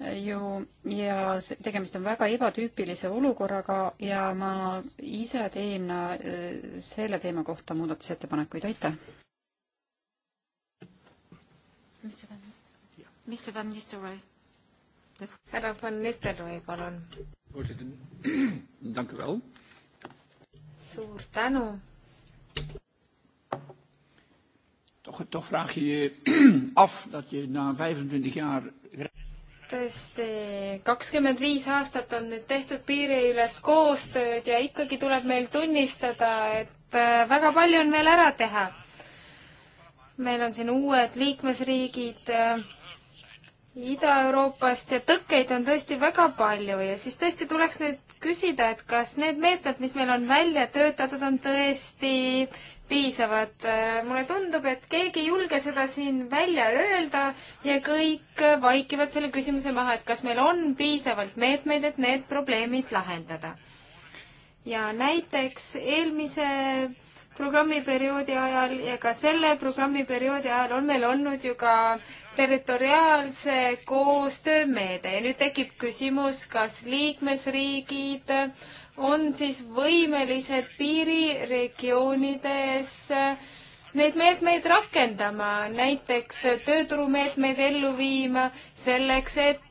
ju ja tegemist on väga ebatüüpilise olukorraga ja ma ise teen äh, selle teema kohta muudatusettepanekuid, aitäh. härra Van Nistelrooy, palun. (clears throat) suur tänu. Toch, toch vraag je je (clears throat) af dat je na 25 jaar tõesti, kakskümmend viis aastat on nüüd tehtud piiriülest koostööd ja ikkagi tuleb meil tunnistada, et äh, väga palju on veel ära teha. meil on siin uued liikmesriigid äh, Ida-Euroopast ja tõkkeid on tõesti väga palju ja siis tõesti tuleks nüüd küsida, et kas need meetmed, mis meil on välja töötatud, on tõesti piisavad. mulle tundub, et keegi ei julge seda siin välja öelda ja kõik vaikivad selle küsimuse maha, et kas meil on piisavalt meetmeid, et need probleemid lahendada. ja näiteks eelmise programmiperioodi ajal ja ka selle programmiperioodi ajal on meil olnud ju ka territoriaalse koostöö meede ja nüüd tekib küsimus, kas liikmesriigid on siis võimelised piiriregioonides neid meetmeid rakendama, näiteks tööturumeetmeid ellu viima selleks, et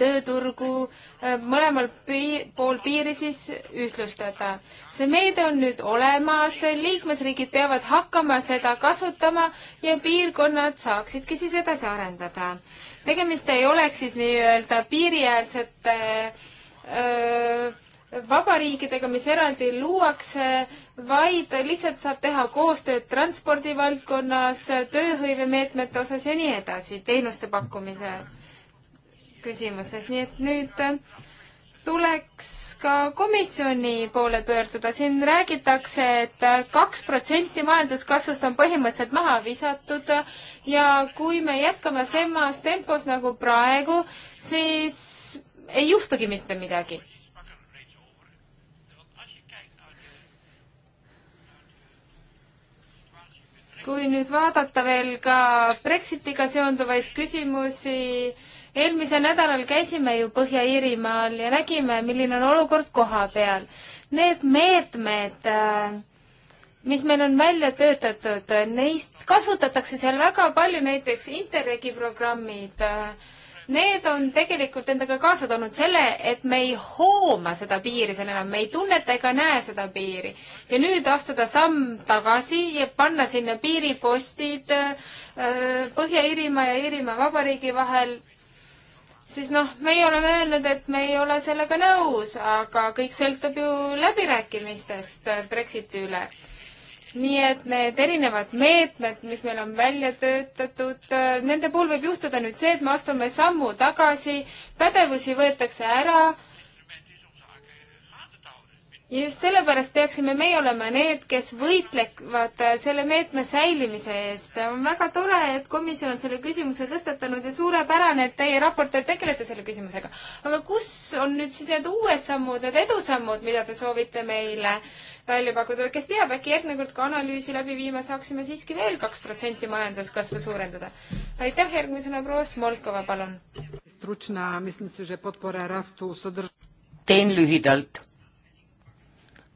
tööturgu äh, mõlemal pi pool piiri siis ühtlustada. see meede on nüüd olemas, liikmesriigid peavad hakkama seda kasutama ja piirkonnad saaksidki siis edasi arendada. tegemist ei oleks siis nii-öelda piiriäärsete öö, äh, vabariikidega, mis eraldi luuakse, vaid lihtsalt saab teha koostööd transpordivaldkonnas, tööhõivemeetmete osas ja nii edasi, teenuste pakkumise küsimuses, nii et nüüd äh, tuleks ka komisjoni poole pöörduda, siin räägitakse et, et äh, kaks protsenti majanduskasvust on põhimõtteliselt maha visatud äh, ja kui me jätkame samas tempos nagu praegu, siis ei juhtugi mitte midagi. kui nüüd vaadata veel ka Brexitiga seonduvaid küsimusi, eelmisel nädalal käisime ju Põhja-Iirimaal ja nägime, milline on olukord koha peal. Need meetmed, äh, mis meil on välja töötatud, äh, neist kasutatakse seal väga palju, näiteks Interregi programmid. Äh, need on tegelikult endaga kaasa toonud selle, et me ei hooma seda piiri seal enam, me ei tunneta ega näe seda piiri. ja nüüd astuda samm tagasi ja panna sinna piiripostid Põhja-Iirimaa ja Iirimaa Vabariigi vahel siis noh, meie oleme öelnud, et me ei ole sellega nõus, aga kõik sõltub ju läbirääkimistest Brexiti üle. nii et need erinevad meetmed, mis meil on välja töötatud, nende puhul võib juhtuda nüüd see, et me astume sammu tagasi, pädevusi võetakse ära ja just sellepärast peaksime meie olema need, kes võitlevad äh, selle meetme säilimise eest. on väga tore, et komisjon on selle küsimuse tõstatanud ja suurepärane, et teie raportöör tegelete selle küsimusega. aga kus on nüüd siis need uued sammud, need edusammud, mida te soovite meile välja pakkuda? kes teab, äkki järgmine kord, kui analüüsi läbi viime, saaksime siiski veel kaks protsenti majanduskasvu suurendada. aitäh, järgmisena proua Smolkova, palun. teen lühidalt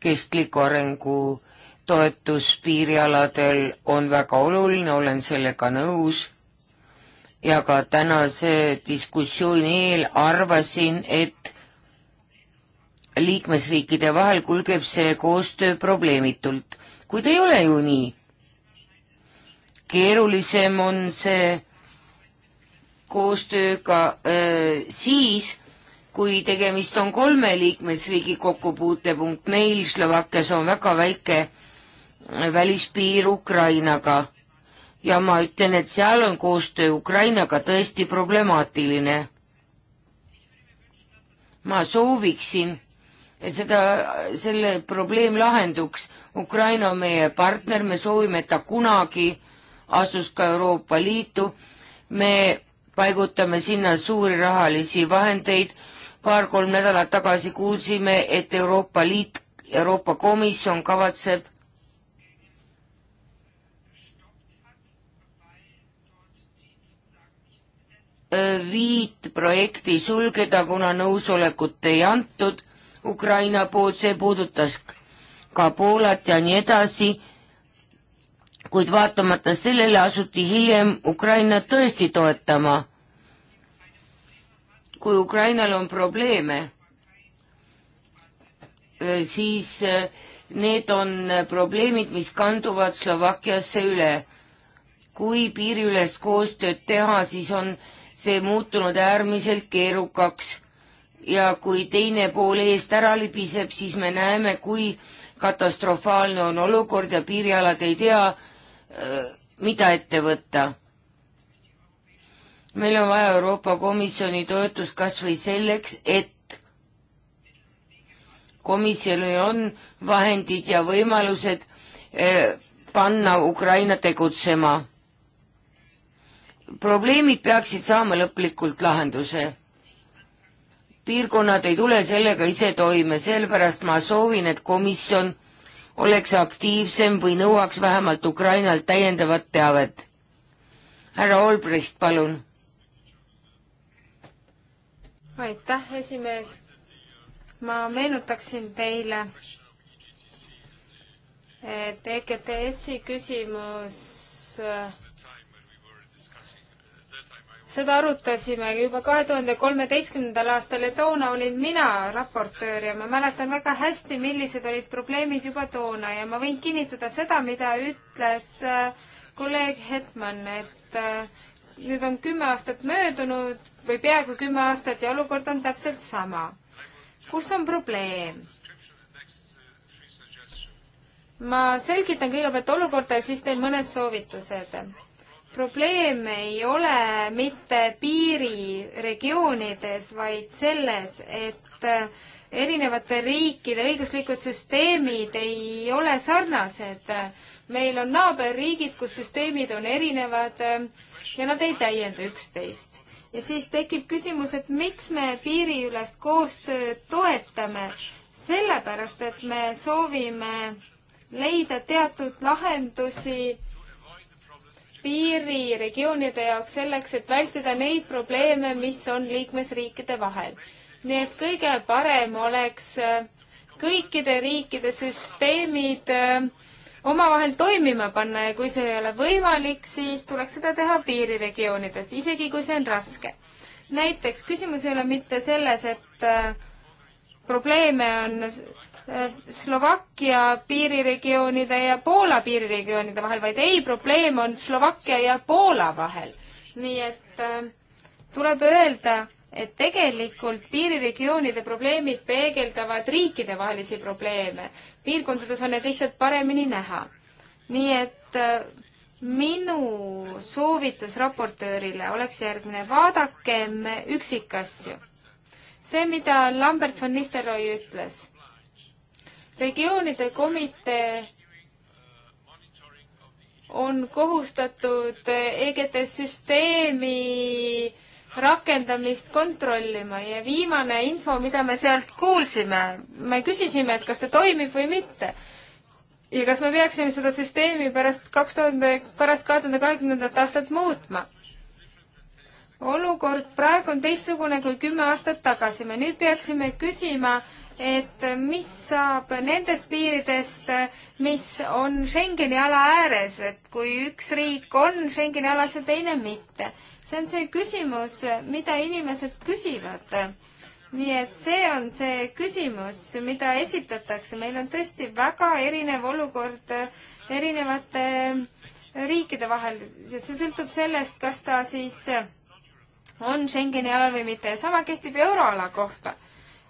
kestliku arengu toetus piirialadel on väga oluline, olen sellega nõus ja ka tänase diskussiooni eel arvasin, et liikmesriikide vahel kulgeb see koostöö probleemitult, kuid ei ole ju nii. keerulisem on see koostööga öö, äh, siis, kui tegemist on kolme liikmesriigi kokkupuutepunkt, meil Slovakkias on väga väike äh, välispiir Ukrainaga ja ma ütlen, et seal on koostöö Ukrainaga tõesti problemaatiline. ma sooviksin, et seda, selle probleem lahenduks. Ukraina on meie partner, me soovime, et ta kunagi astus ka Euroopa Liitu, me paigutame sinna suuri rahalisi vahendeid paar-kolm nädalat tagasi kuulsime, et Euroopa Liit, Euroopa Komisjon kavatseb viit projekti sulgeda, kuna nõusolekut ei antud Ukraina poolt, see puudutas ka Poolat ja nii edasi, kuid vaatamata sellele asuti hiljem Ukraina tõesti toetama kui Ukrainal on probleeme, eh, siis eh, need on probleemid, mis kanduvad Slovakkiasse üle. kui piiriülest koostööd teha, siis on see muutunud äärmiselt keerukaks ja kui teine pool eest ära libiseb, siis me näeme, kui katastrofaalne on olukord ja piirialad ei tea, eh, mida ette võtta meil on vaja Euroopa Komisjoni toetust kas või selleks, et komisjonil on vahendid ja võimalused eh, panna Ukraina tegutsema. probleemid peaksid saama lõplikult lahenduse. piirkonnad ei tule sellega ise toime, sellepärast ma soovin, et komisjon oleks aktiivsem või nõuaks vähemalt Ukrainalt täiendavat teavet. härra Olbricht, palun aitäh, esimees. ma meenutaksin teile, et EGTS-i küsimus äh, seda arutasime juba kahe tuhande kolmeteistkümnendal aastal ja toona olin mina raportöör ja ma mäletan väga hästi, millised olid probleemid juba toona ja ma võin kinnitada seda, mida ütles äh, kolleeg Hetman, et äh, nüüd on kümme aastat möödunud või peaaegu kümme aastat ja olukord on täpselt sama. kus on probleem? ma selgitan kõigepealt olukorda ja siis teen mõned soovitused. probleem ei ole mitte piiriregioonides, vaid selles, et äh, erinevate riikide õiguslikud süsteemid ei ole sarnased meil on naaberriigid, kus süsteemid on erinevad ähm, ja nad ei täienda üksteist. ja siis tekib küsimus, et miks me piiriülest koostööd toetame, sellepärast et me soovime leida teatud lahendusi piiriregioonide jaoks selleks, et vältida neid probleeme, mis on liikmesriikide vahel. nii et kõige parem oleks äh, kõikide riikide süsteemid äh, omavahel toimima panna ja kui see ei ole võimalik, siis tuleks seda teha piiriregioonides, isegi kui see on raske. näiteks küsimus ei ole mitte selles, et äh, probleeme on äh, Slovakkia piiriregioonide ja Poola piiriregioonide vahel, vaid ei, probleem on Slovakkia ja Poola vahel. nii et äh, tuleb öelda, et tegelikult piiriregioonide probleemid peegeldavad riikidevahelisi probleeme piirkondades on need lihtsalt paremini näha. nii et äh, minu soovitus raportöörile oleks järgmine, vaadakem üksikasju. see, mida Lambert von Nistelrooy ütles, regioonide komitee on kohustatud EGT süsteemi rakendamist kontrollima ja viimane info, mida me sealt kuulsime, me küsisime, et kas ta toimib või mitte. ja kas me peaksime seda süsteemi pärast kaks tuhande, pärast kahe tuhande kahekümnendat aastat muutma? olukord praegu on teistsugune kui kümme aastat tagasi, me nüüd peaksime küsima, et mis saab nendest piiridest, mis on Schengeni ala ääres, et kui üks riik on Schengeni alas ja teine mitte. see on see küsimus, mida inimesed küsivad nii et see on see küsimus, mida esitatakse, meil on tõesti väga erinev olukord erinevate riikide vahel, sest see sõltub sellest, kas ta siis on Schengeni alal või mitte ja sama kehtib euroala kohta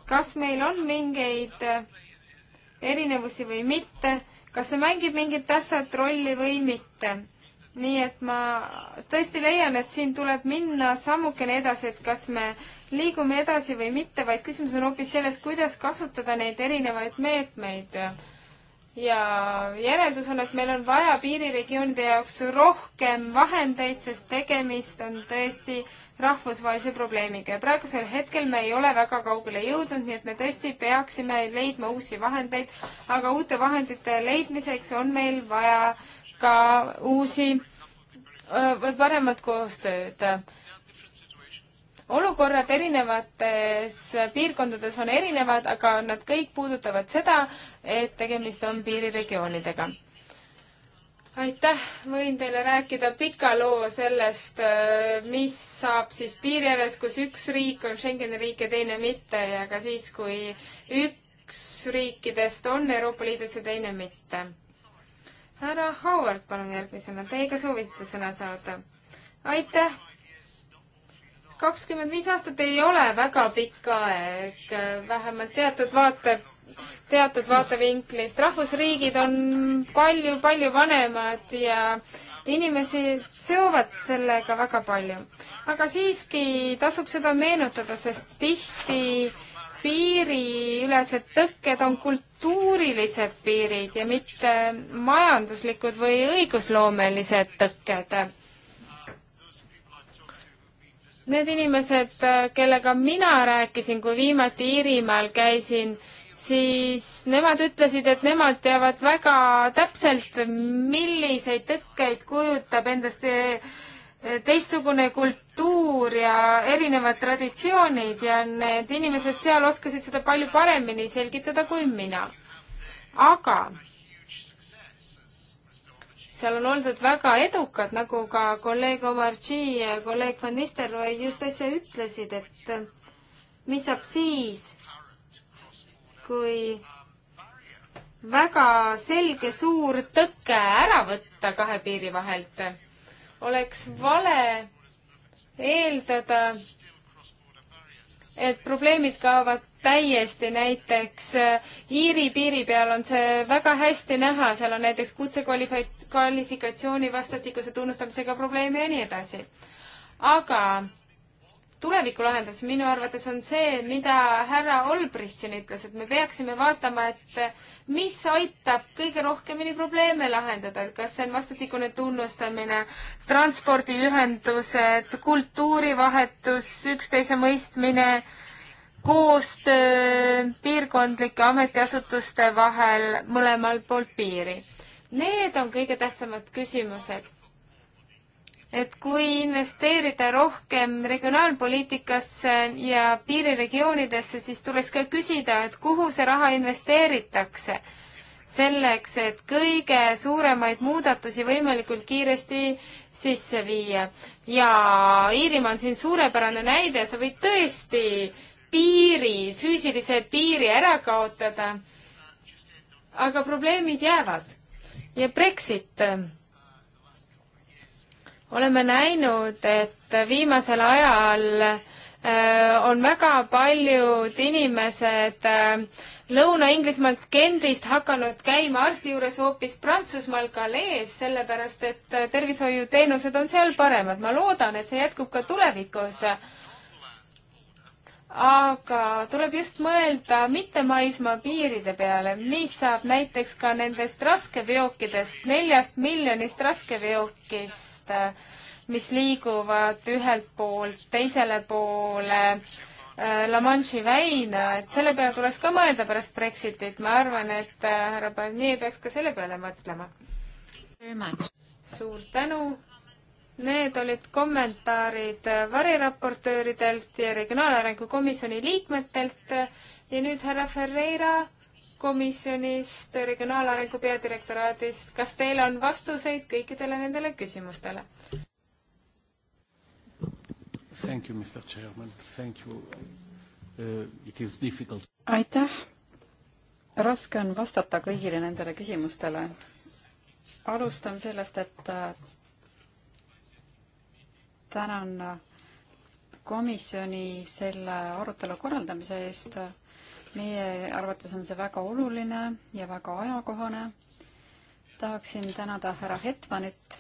kas meil on mingeid äh, erinevusi või mitte, kas see mängib mingit tähtsat rolli või mitte. nii et ma tõesti leian, et siin tuleb minna sammukene edasi, et kas me liigume edasi või mitte, vaid küsimus on hoopis selles, kuidas kasutada neid erinevaid meetmeid meet ja järeldus on, et meil on vaja piiriregioonide jaoks rohkem vahendeid, sest tegemist on tõesti rahvusvahelise probleemiga ja praegusel hetkel me ei ole väga kaugele jõudnud, nii et me tõesti peaksime leidma uusi vahendeid, aga uute vahendite leidmiseks on meil vaja ka uusi või paremat koostööd olukorrad erinevates piirkondades on erinevad, aga nad kõik puudutavad seda, et tegemist on piiriregioonidega. aitäh, võin teile rääkida pika loo sellest, mis saab siis piiri ääres, kus üks riik on Schengeni riik ja teine mitte ja ka siis, kui üks riikidest on Euroopa Liidus ja teine mitte. härra Howard, palun järgmisena, teie ka soovisite sõna saada. aitäh kakskümmend viis aastat ei ole väga pikk aeg, vähemalt teatud vaate, teatud vaatevinklist. rahvusriigid on palju-palju vanemad ja inimesi seovad sellega väga palju. aga siiski tasub seda meenutada, sest tihti piiriülesed tõkked on kultuurilised piirid ja mitte majanduslikud või õigusloomelised tõkked Need inimesed, kellega mina rääkisin, kui viimati Iirimaal käisin, siis nemad ütlesid, et nemad teavad väga täpselt, milliseid tõkkeid kujutab endast eh, teistsugune kultuur ja erinevad traditsioonid ja need inimesed seal oskasid seda palju paremini selgitada kui mina. aga seal on oldud väga edukad, nagu ka kolleeg Omarji ja kolleeg Van Nistelrooy just äsja ütlesid, et mis saab siis, kui väga selge suur tõke ära võtta kahe piiri vahelt. oleks vale eeldada, et probleemid kaovad täiesti, näiteks äh, Iiri piiri peal on see väga hästi näha, seal on näiteks kutsekvalifikatsiooni vastastikuse tunnustamisega probleeme ja nii edasi. aga tulevikulahendus minu arvates on see, mida härra Olbricht siin ütles, et me peaksime vaatama, et mis aitab kõige rohkemini probleeme lahendada, et kas see on vastastikune tunnustamine, transpordiühendused, kultuurivahetus, üksteise mõistmine äh,, koostöö piirkondlike ametiasutuste vahel mõlemal pool piiri. Need on kõige tähtsamad küsimused. et kui investeerida rohkem regionaalpoliitikasse ja piiriregioonidesse, siis tuleks ka küsida, et kuhu see raha investeeritakse selleks, et kõige suuremaid muudatusi võimalikult kiiresti sisse viia. ja Iirimaa on siin suurepärane näide, sa võid tõesti piiri, füüsilise piiri ära kaotada, aga probleemid jäävad. ja Brexit. Äh, oleme näinud, et viimasel ajal äh, on väga paljud inimesed äh, Lõuna-Inglismaalt Kendrist hakanud käima arsti juures hoopis Prantsusmaal Galees, sellepärast et tervishoiuteenused on seal paremad. ma loodan, et see jätkub ka tulevikus aga tuleb just mõelda mitte maismaa piiride peale, mis saab näiteks ka nendest raskeveokidest, neljast miljonist raskeveokist, mis liiguvad ühelt poolt teisele poole äh, La Manche'i väina, et selle peale tuleks ka mõelda pärast Brexitit, ma arvan, et äh, härra Barnier peaks ka selle peale mõtlema. suur tänu Need olid kommentaarid variraportööridelt ja Regionaalarengu Komisjoni liikmetelt ja nüüd härra Ferreira komisjonist, Regionaalarengu peadirektoraadist, kas teil on vastuseid kõikidele nendele küsimustele? Thank you, Mr Chairman, thank you uh,. It is difficult. aitäh. raske on vastata kõigile nendele küsimustele. alustan sellest, et tänan komisjoni selle arutelu korraldamise eest. meie arvates on see väga oluline ja väga ajakohane. tahaksin tänada härra Hetmanit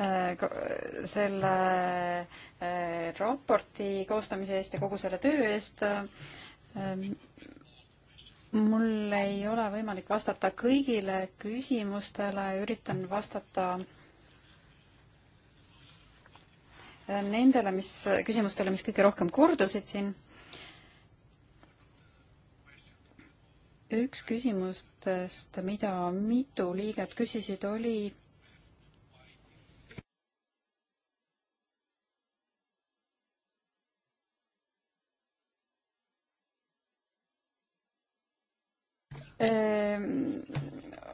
äh, selle äh, raporti koostamise eest ja kogu selle töö eest ähm, mul ei ole võimalik vastata kõigile küsimustele, üritan vastata nendele, mis, küsimustele, mis kõige rohkem kordusid siin. üks küsimustest, mida mitu liiget küsisid, oli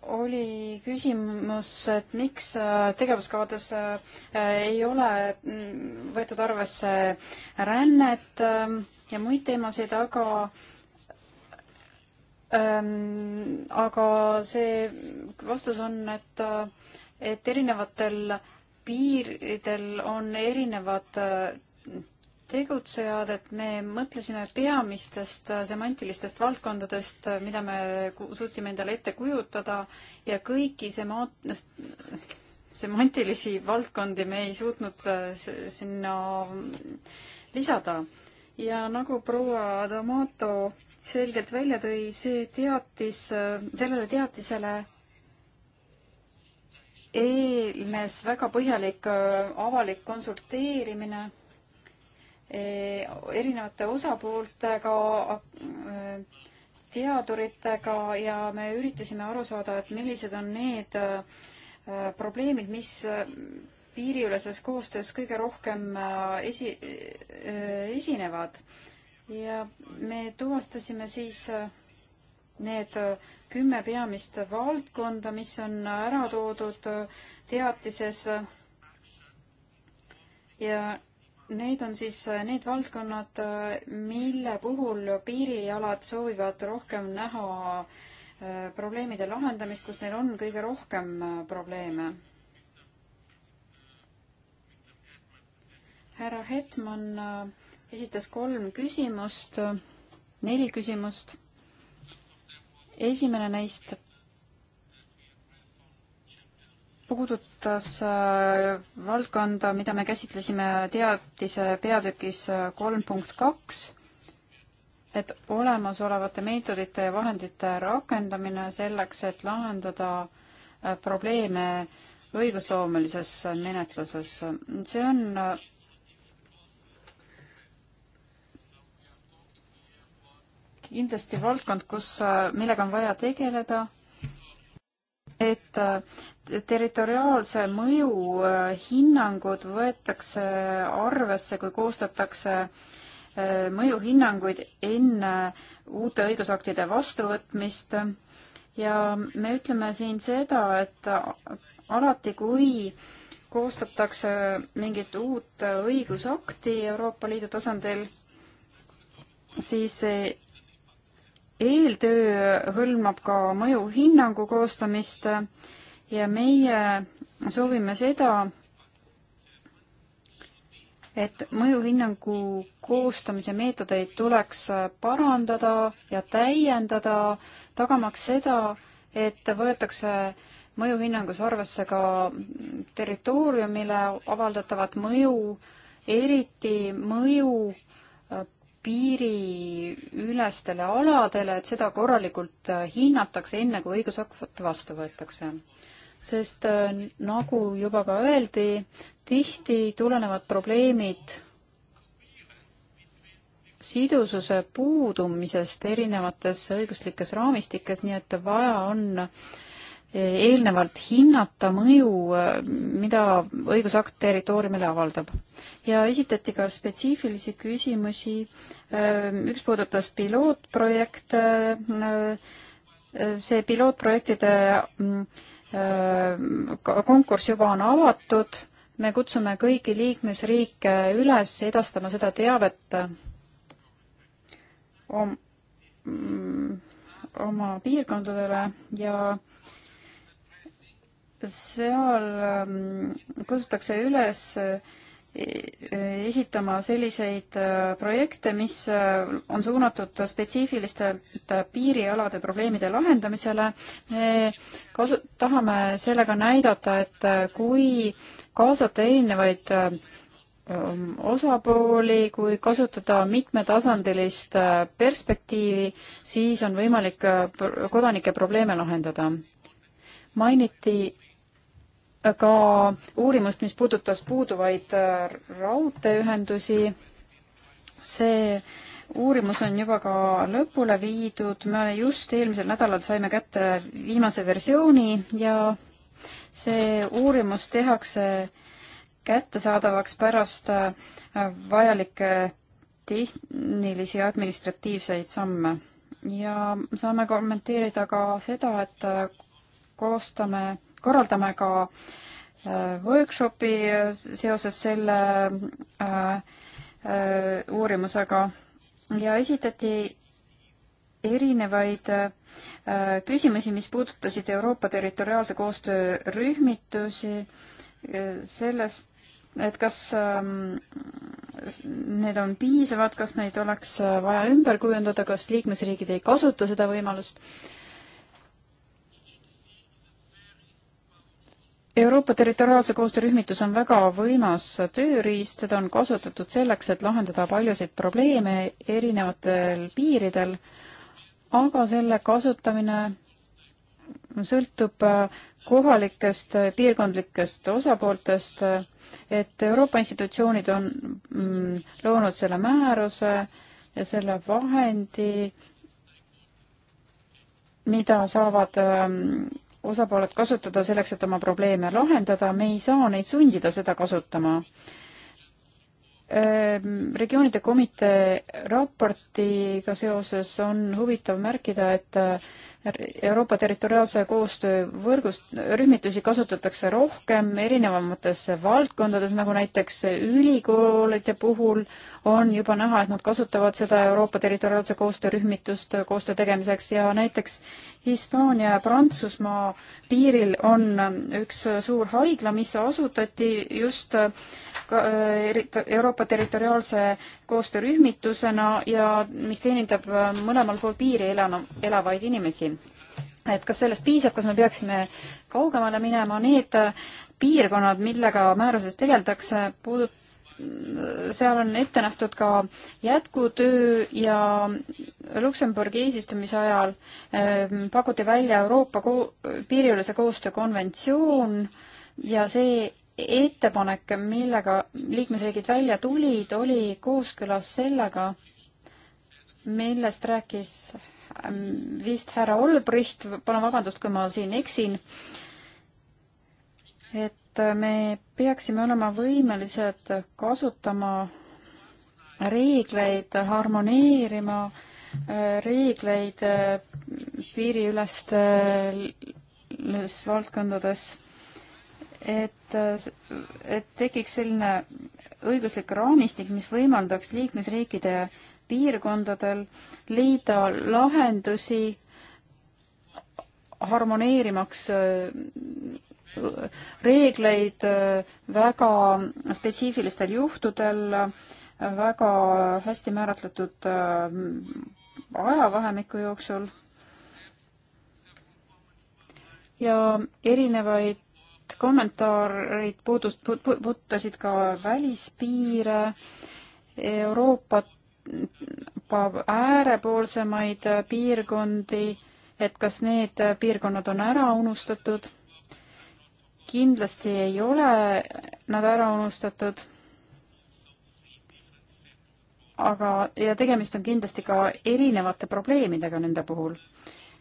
oli küsimus, et miks äh, tegevuskavades äh, ei ole mm, võetud arvesse rännet ähm, ja muid teemasid, aga ähm, aga see vastus on, et, äh, et erinevatel piiridel on erinevad tegutsejad, et me mõtlesime peamistest semantilistest valdkondadest, mida me suutsime endale ette kujutada ja kõiki sema-, semantilisi valdkondi me ei suutnud äh, sinna lisada. ja nagu proua D'Amato selgelt välja tõi, see teatis, äh, sellele teatisele eelnes väga põhjalik äh, avalik konsulteerimine Eh, erinevate osapooltega, eh, teaduritega ja me üritasime aru saada, et millised on need eh, probleemid, mis piiriüleses koostöös kõige rohkem esi, esinevad. ja me tuvastasime siis need kümme peamist valdkonda, mis on ära toodud teatises ja Need on siis äh, need valdkonnad, äh, mille puhul piirialad soovivad rohkem näha äh, probleemide lahendamist, kus neil on kõige rohkem probleeme. härra Hetman esitas kolm küsimust, neli küsimust. esimene neist puudutas äh, valdkonda, mida me käsitlesime teadise peatükis äh, kolm punkt kaks, et olemasolevate meetodite ja vahendite rakendamine selleks, et lahendada äh, probleeme õigusloomelises menetluses. see on kindlasti valdkond, kus, millega on vaja tegeleda et äh, territoriaalse mõju äh, hinnangud võetakse arvesse, kui koostatakse äh, mõjuhinnanguid enne uute õigusaktide vastuvõtmist ja me ütleme siin seda, et alati, kui koostatakse mingit uut õigusakti Euroopa Liidu tasandil, siis eeltöö hõlmab ka mõjuhinnangu koostamist ja meie soovime seda, et mõjuhinnangu koostamise meetodeid tuleks parandada ja täiendada, tagamaks seda, et võetakse mõjuhinnangus arvesse ka territooriumile avaldatavat mõju, eriti mõju piiriülestele aladele, et seda korralikult äh, hinnatakse enne, kui õigusakt vastu võetakse. sest äh, nagu juba ka öeldi, tihti tulenevad probleemid sidususe puudumisest erinevates õiguslikes raamistikes, nii et vaja on äh, eelnevalt hinnata mõju, mida õigusakt territooriumile avaldab. ja esitati ka spetsiifilisi küsimusi, üks puudutas pilootprojekte, see pilootprojektide mm, konkurss juba on avatud, me kutsume kõiki liikmesriike üles edastama seda teavet mm, oma piirkondadele ja äh, seal ähm, kutsutakse üles äh, esitama selliseid äh, projekte, mis äh, on suunatud spetsiifilistelt piirialade probleemide lahendamisele. me kasu-, tahame sellega näidata, et kui kaasata erinevaid ähm, osapooli, kui kasutada mitmetasandilist perspektiivi, siis on võimalik kodanike probleeme lahendada. mainiti ka uurimust, mis puudutas puuduvaid äh, raudteeühendusi. see uurimus on juba ka lõpule viidud, me just eelmisel nädalal saime kätte viimase versiooni ja see uurimus tehakse kättesaadavaks pärast äh, vajalikke tehnilisi ja administratiivseid samme. ja saame kommenteerida ka seda, et äh, koostame korraldame ka äh, workshopi seoses selle äh, äh, uurimusega ja esitati erinevaid küsimusi, mis puudutasid Euroopa territoriaalse koostöö rühmitusi, sellest, et kas ähm, need on piisavad, kas neid oleks vaja ümber kujundada, kas liikmesriigid ei kasuta seda võimalust Euroopa territoriaalse koostöörühmitus on väga võimas tööriist, seda on kasutatud selleks, et lahendada paljusid probleeme erinevatel piiridel, aga selle kasutamine sõltub kohalikest piirkondlikest osapooltest, et Euroopa institutsioonid on mm, loonud selle määruse ja selle vahendi, mida saavad mm, osapooled kasutada selleks, et oma probleeme lahendada, me ei saa neid sundida seda kasutama. Ehm, regioonide komitee raportiga seoses on huvitav märkida, et äh, Euroopa territoriaalse koostöö võrgust, rühmitusi kasutatakse rohkem erinevates valdkondades, nagu näiteks ülikoolide puhul on juba näha, et nad kasutavad seda Euroopa territoriaalse koostöö rühmitust koostöö tegemiseks ja näiteks Hispaania ja Prantsusmaa piiril on üks suur haigla, mis asutati just äh, Euroopa territoriaalse koostöörühmitusena ja mis teenindab mõlemal pool piiri elana, elavaid inimesi. et kas sellest piisab, kas me peaksime kaugemale minema, need piirkonnad, millega määruses tegeldakse, puudut-, seal on ette nähtud ka jätkutöö ja Luksemburgi eesistumise ajal ähm, pakuti välja Euroopa ko piiriülese koostöö konventsioon ja see ettepanek, millega liikmesriigid välja tulid, oli kooskõlas sellega, millest rääkis ähm, vist härra Olbricht, palun vabandust, kui ma siin eksin, et et me peaksime olema võimelised kasutama reegleid, harmoneerima äh, reegleid äh, piiriülestes valdkondades, et, äh, et tekiks selline õiguslik raamistik, mis võimaldaks liikmesriikide piirkondadel leida lahendusi harmoneerimaks reegleid äh, väga spetsiifilistel juhtudel, äh, väga hästi määratletud äh, ajavahemiku jooksul ja erinevaid kommentaarid puudust- put,, puudutasid ka välispiire, Euroopa äärepoolsemaid piirkondi, et kas need piirkonnad on ära unustatud kindlasti ei ole nad ära unustatud. aga, ja tegemist on kindlasti ka erinevate probleemidega nende puhul.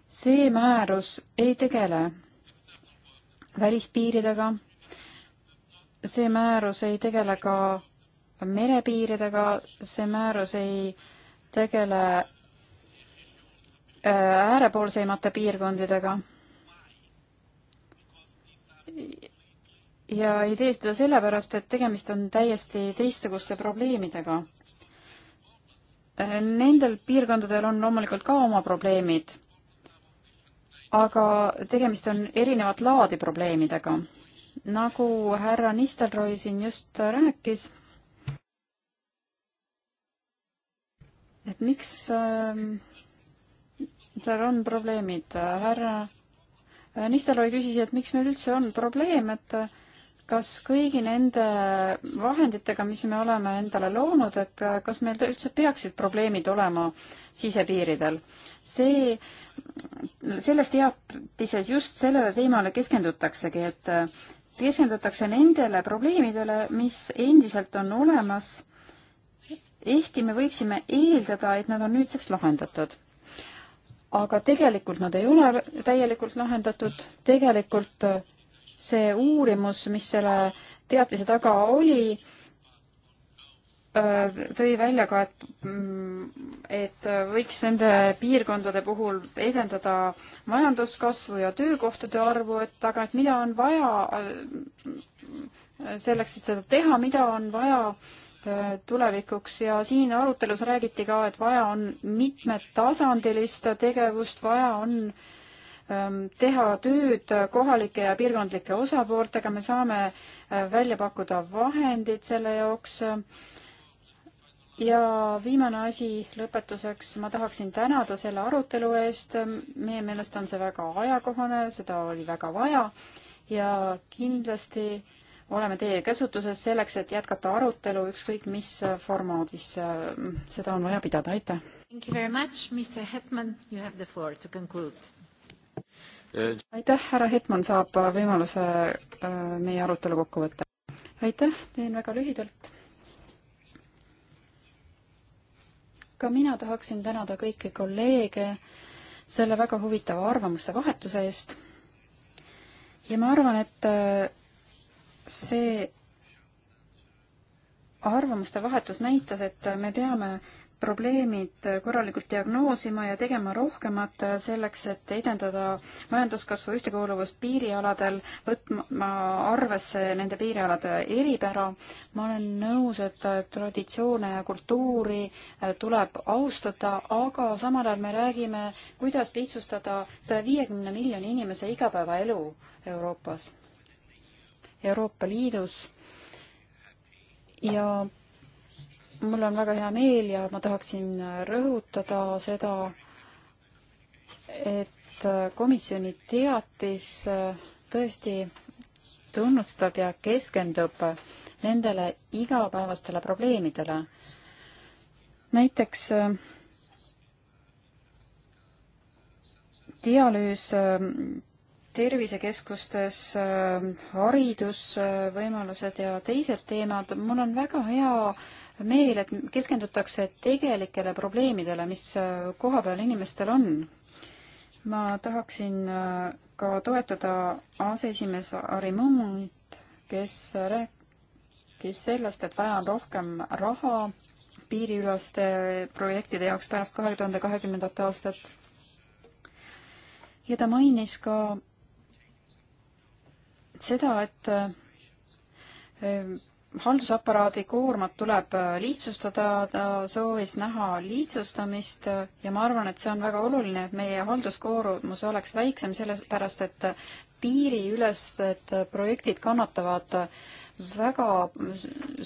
see määrus ei tegele välispiiridega, see määrus ei tegele ka merepiiridega, see määrus ei tegele äh, äärepoolseimate piirkondadega ja ei tee seda sellepärast, et tegemist on täiesti teistsuguste probleemidega. Nendel piirkondadel on loomulikult ka oma probleemid, aga tegemist on erinevat laadi probleemidega. nagu härra Nistelrooy siin just rääkis, et miks äh, seal on probleemid, härra Äh, Nistelrooy küsis, et miks meil üldse on probleem, et äh, kas kõigi nende vahenditega, mis me oleme endale loonud, et äh, kas meil üldse peaksid probleemid olema sisepiiridel? see, selles teatises just sellele teemale keskendutaksegi, et keskendutakse nendele probleemidele, mis endiselt on olemas, ehkki me võiksime eeldada, et nad on nüüdseks lahendatud aga tegelikult nad ei ole täielikult lahendatud, tegelikult äh, see uurimus, mis selle teatise taga oli, äh, tõi välja ka, et, mm, et äh, võiks nende piirkondade puhul edendada majanduskasvu ja töökohtade arvu, et aga et mida on vaja selleks, et seda teha, mida on vaja äh, tulevikuks ja siin arutelus räägiti ka, et vaja on mitmetasandilist tegevust, vaja on ähm, teha tööd kohalike ja piirkondlike osapooltega, me saame äh, välja pakkuda vahendid selle jaoks. ja viimane asi lõpetuseks, ma tahaksin tänada selle arutelu eest, meie meelest on see väga ajakohane, seda oli väga vaja ja kindlasti oleme teie käsutuses selleks, et jätkata arutelu ükskõik mis formaadis seda on vaja pidada, aitäh! aitäh, härra Hetman saab võimaluse äh, meie arutelu kokku võtta. aitäh, teen väga lühidalt. ka mina tahaksin tänada kõiki kolleege selle väga huvitava arvamuste vahetuse eest ja ma arvan, et äh, see arvamuste vahetus näitas, et me peame probleemid korralikult diagnoosima ja tegema rohkemat selleks, et edendada majanduskasvu ühtekuuluvust piirialadel, võtma arvesse nende piirialade eripära. ma olen nõus, et traditsioone ja kultuuri tuleb austada, aga samal ajal me räägime, kuidas lihtsustada saja viiekümne miljoni inimese igapäevaelu Euroopas Euroopa Liidus ja mul on väga hea meel ja ma tahaksin rõhutada seda, et komisjoni teatis tõesti tunnustab ja keskendub nendele igapäevastele probleemidele. näiteks äh, dialüüs äh, tervisekeskustes ähm, haridusvõimalused äh, ja teised teemad. mul on väga hea meel, et keskendutakse tegelikele probleemidele, mis äh, kohapeal inimestel on. ma tahaksin äh, ka toetada aseesimees Harri Mummut, kes rääkis sellest, et vaja on rohkem raha piiriülaste projektide jaoks pärast kahe tuhande kahekümnendat aastat ja ta mainis ka seda, et ähm, haldusaparaadi koormat tuleb äh, lihtsustada, ta soovis näha lihtsustamist äh, ja ma arvan, et see on väga oluline, et meie halduskoormus oleks väiksem, sellepärast et äh, piiriülesed projektid kannatavad väga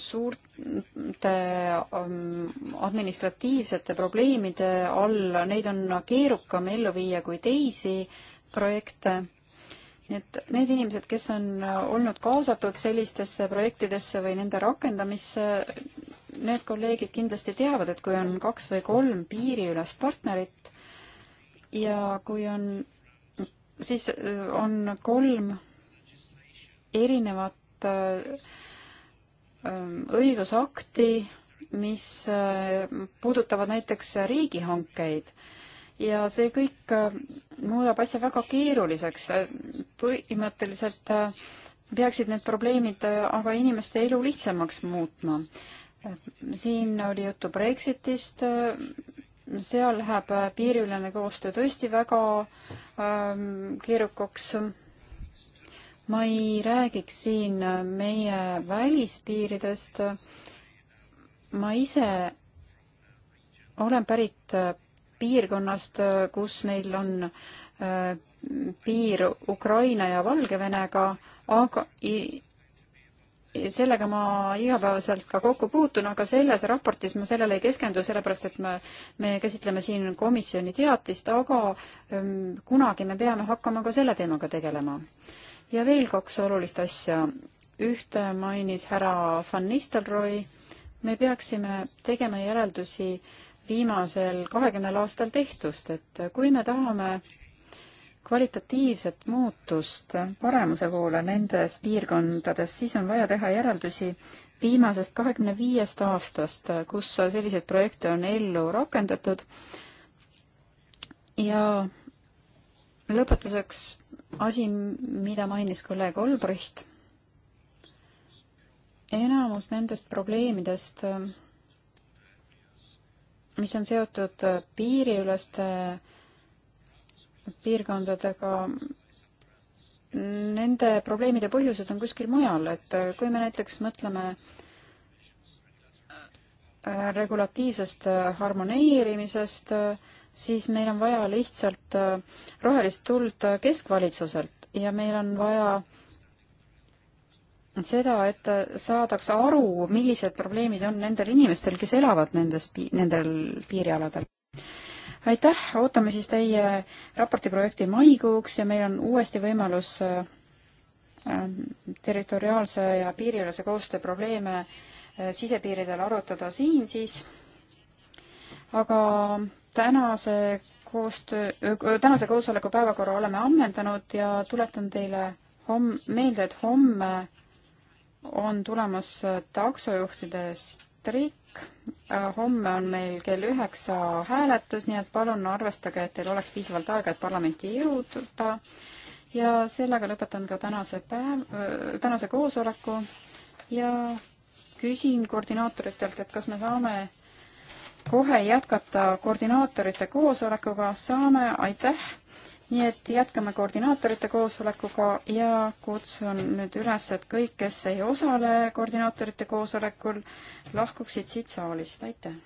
suurte ähm, administratiivsete probleemide all, neid on keerukam ellu viia kui teisi projekte et need inimesed, kes on äh, olnud kaasatud sellistesse projektidesse või nende rakendamisse, need kolleegid kindlasti teavad, et kui on kaks või kolm piiriülest partnerit ja kui on, siis äh, on kolm erinevat äh, õigusakti, mis puudutavad näiteks riigihankeid ja see kõik äh, muudab asja väga keeruliseks. Äh, põhimõtteliselt äh, peaksid need probleemid aga inimeste elu lihtsamaks muutma. siin oli juttu Brexitist, seal läheb piiriülene koostöö tõesti väga ähm, keerukaks. ma ei räägiks siin meie välispiiridest. ma ise olen pärit piirkonnast, kus meil on äh, piir Ukraina ja Valgevenega, aga sellega ma igapäevaselt ka kokku puutun, aga selles raportis ma sellele ei keskendu, sellepärast et me, me käsitleme siin komisjoni teatist, aga ähm, kunagi me peame hakkama ka selle teemaga tegelema. ja veel kaks olulist asja. ühte mainis härra Van Nistelrooy, me peaksime tegema järeldusi äh, viimasel kahekümnel aastal tehtust, et kui me tahame kvalitatiivset muutust paremuse poole nendes piirkondades, siis on vaja teha järeldusi viimasest kahekümne viiest aastast, kus selliseid projekte on ellu rakendatud. ja lõpetuseks asi, mida mainis kolleeg Olbricht. enamus nendest probleemidest äh, mis on seotud äh, piiriüleste äh, piirkondadega, nende probleemide põhjused on kuskil mujal, et äh, kui me näiteks mõtleme regulatiivsest harmoneerimisest, siis meil on vaja lihtsalt rohelist tuld keskvalitsuselt ja meil on vaja äh, seda, et saadaks aru, millised probleemid on nendel inimestel, kes elavad nendes, nendel piirialadel. aitäh, ootame siis teie raporti projekti maikuuks ja meil on uuesti võimalus äh, äh, territoriaalse ja piirialase koostöö probleeme äh, sisepiiridel arutada siin siis, aga tänase koostöö, tänase koosoleku päevakorra oleme ammendanud ja tuletan teile homm-, meelde, et homme on tulemas äh, taksojuhtide streik. Äh, homme on meil kell üheksa hääletus, nii et palun arvestage, et teil oleks piisavalt aega, et parlamenti jõuda. ja sellega lõpetan ka tänase päev, äh, tänase koosoleku ja küsin koordinaatoritelt, et kas me saame kohe jätkata koordinaatorite koosolekuga, saame, aitäh nii et jätkame koordinaatorite koosolekuga ja kutsun nüüd üles, et kõik, kes ei osale koordinaatorite koosolekul, lahkuksid siit saalist, aitäh!